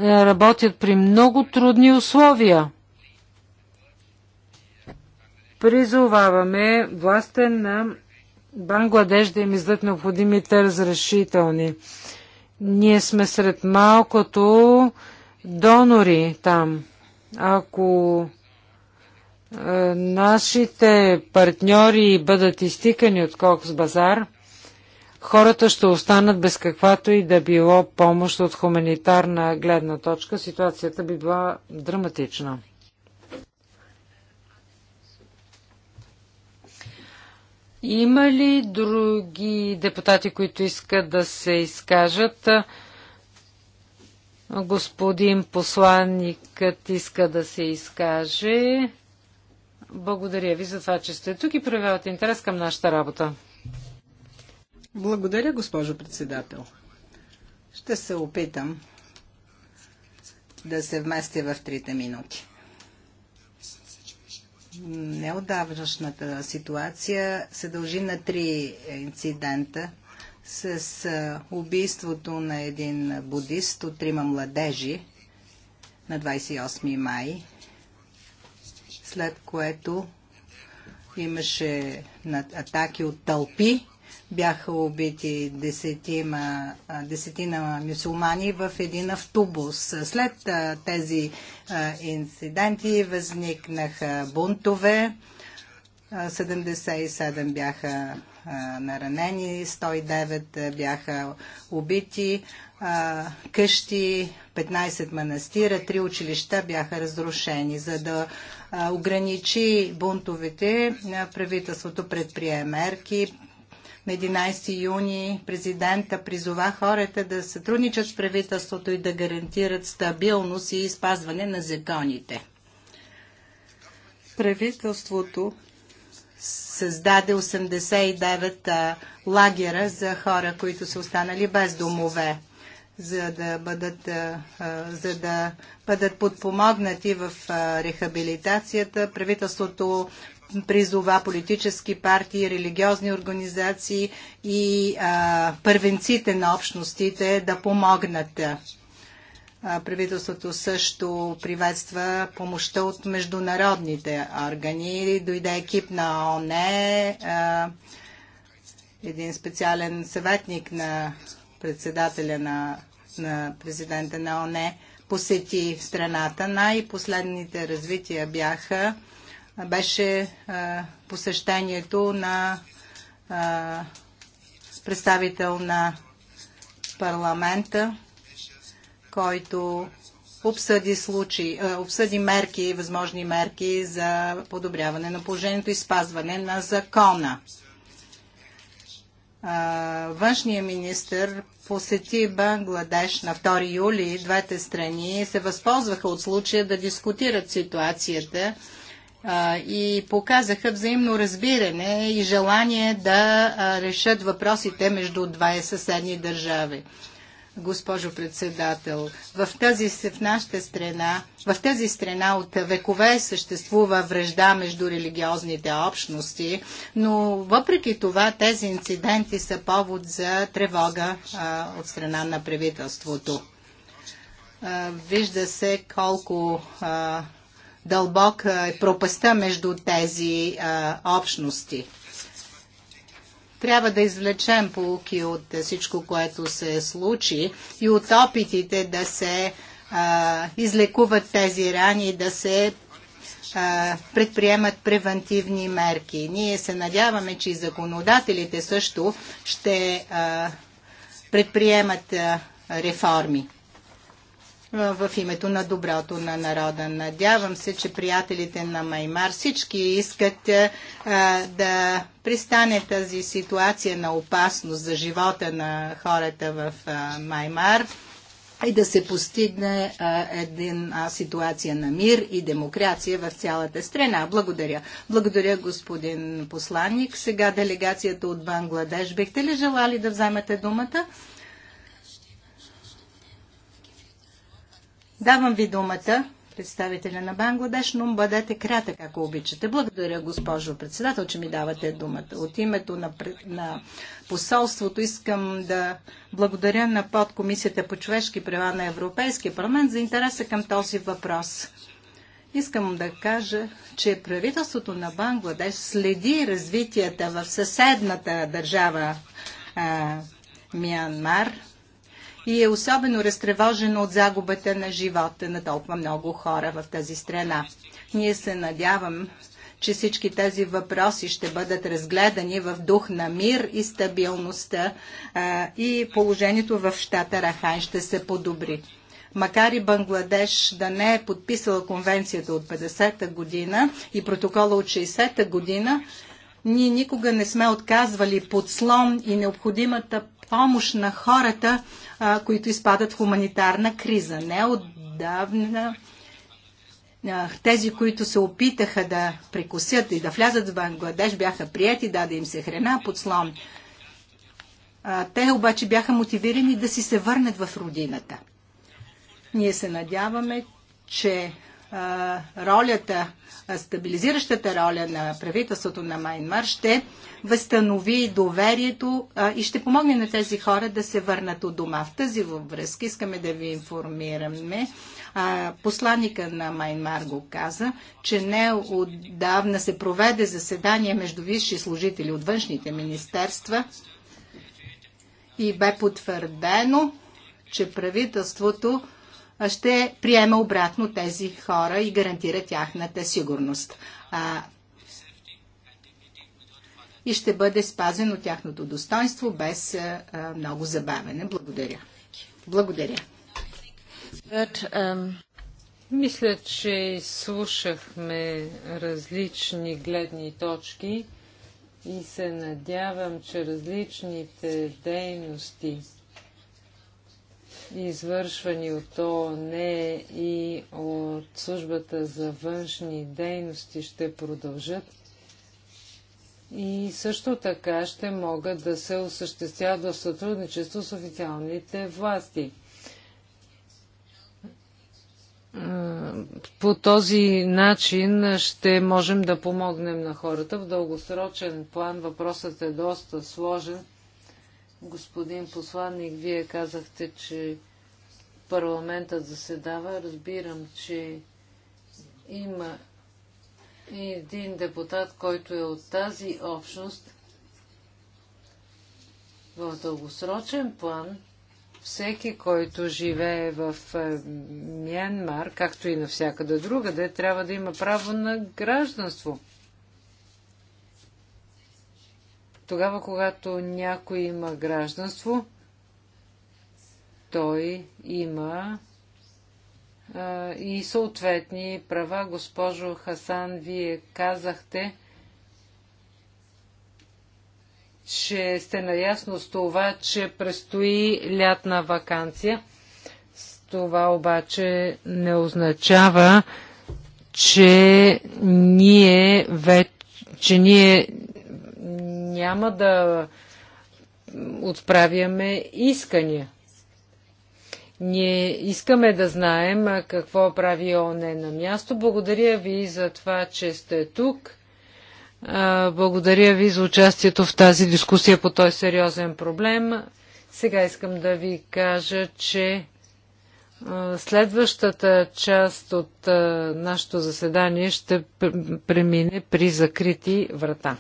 работят при много трудни условия. Призоваваме властта на Бангладеш да им издат необходимите разрешителни. Ние сме сред малкото донори там. Ако е, нашите партньори бъдат изтикани от Кокс Базар, хората ще останат без каквато и да било помощ от хуманитарна гледна точка. Ситуацията би била драматична. Има ли други депутати, които искат да се изкажат? Господин посланникът иска да се изкаже. Благодаря ви за това, че сте тук и проявявате интерес към нашата работа. Благодаря, госпожо председател. Ще се опитам да се вместя в трите минути неодавнашната ситуация се дължи на три инцидента с убийството на един будист от трима младежи на 28 май, след което имаше атаки от тълпи бяха убити десетима, десетина мюсулмани в един автобус. След тези инциденти възникнаха бунтове. 77 бяха наранени, 109 бяха убити, къщи, 15 манастира, 3 училища бяха разрушени. За да ограничи бунтовете, правителството предприе мерки, на 11 юни президента призова хората да сътрудничат с правителството и да гарантират стабилност и спазване на законите. Правителството създаде 89 лагера за хора, които са останали без домове, за да бъдат, за да бъдат подпомогнати в рехабилитацията. Правителството призова политически партии, религиозни организации и а, първенците на общностите да помогнат. А, правителството също приветства помощта от международните органи. Дойде екип на ОНЕ, а, един специален съветник на председателя на, на президента на ОНЕ посети страната. Най-последните развития бяха беше посещението на представител на парламента, който обсъди, случаи, обсъди мерки, възможни мерки за подобряване на положението и спазване на закона. Външният министр посети Бангладеш на 2 юли. Двете страни се възползваха от случая да дискутират ситуацията и показаха взаимно разбиране и желание да решат въпросите между две съседни държави. Госпожо председател, в тази в нашата страна, в тази страна от векове съществува връжда между религиозните общности, но въпреки това тези инциденти са повод за тревога а, от страна на правителството. А, вижда се колко а, дълбока е пропаста между тези а, общности. Трябва да извлечем полуки от всичко, което се случи и от опитите да се а, излекуват тези рани, да се а, предприемат превентивни мерки. Ние се надяваме, че и законодателите също ще а, предприемат а, реформи в името на доброто на народа. Надявам се, че приятелите на Маймар всички искат а, да пристане тази ситуация на опасност за живота на хората в а, Маймар и да се постигне а, една ситуация на мир и демокрация в цялата страна. Благодаря. Благодаря, господин посланник. Сега делегацията от Бангладеш. Бихте ли желали да вземете думата? Давам ви думата, представителя на Бангладеш, но бъдете кратък, ако обичате. Благодаря, госпожо председател, че ми давате думата. От името на, на посолството искам да благодаря на подкомисията по човешки права на Европейския парламент за интереса към този въпрос. Искам да кажа, че правителството на Бангладеш следи развитията в съседната държава а, Мянмар – и е особено разтревожено от загубата на живота на толкова много хора в тази страна. Ние се надявам, че всички тези въпроси ще бъдат разгледани в дух на мир и стабилността а, и положението в щата Рахайн ще се подобри. Макар и Бангладеш да не е подписала конвенцията от 50-та година и протокола от 60-та година, ние никога не сме отказвали подслон и необходимата помощ на хората, а, които изпадат в хуманитарна криза. Не отдавна тези, които се опитаха да прекусят и да влязат в Бангладеш, бяха прияти, даде им се храна под слон. Те обаче бяха мотивирани да си се върнат в родината. Ние се надяваме, че ролята, стабилизиращата роля на правителството на Майнмар ще възстанови доверието и ще помогне на тези хора да се върнат от дома. В тази връзка искаме да ви информираме. Посланника на Майнмар го каза, че не отдавна се проведе заседание между висши служители от външните министерства и бе потвърдено, че правителството ще приема обратно тези хора и гарантира тяхната сигурност. А, и ще бъде спазено тяхното достоинство без а, много забавене. Благодаря. Благодаря. Um, мисля, че слушахме различни гледни точки и се надявам, че различните дейности извършвани от ООН е и от службата за външни дейности ще продължат. И също така ще могат да се осъществяват в сътрудничество с официалните власти. По този начин ще можем да помогнем на хората. В дългосрочен план въпросът е доста сложен Господин посланник, вие казахте, че парламентът заседава. Разбирам, че има един депутат, който е от тази общност. В дългосрочен план всеки, който живее в е, Мянмар, както и навсякъде другаде, трябва да има право на гражданство. Тогава, когато някой има гражданство, той има а, и съответни права. Госпожо Хасан, вие казахте, че сте наясно с това, че предстои лятна вакансия. Това обаче не означава, че ние, вече, че ние няма да отправяме искания. Ние искаме да знаем какво прави ОНЕ на място. Благодаря ви за това, че сте тук. Благодаря ви за участието в тази дискусия по този сериозен проблем. Сега искам да ви кажа, че следващата част от нашето заседание ще премине при закрити врата.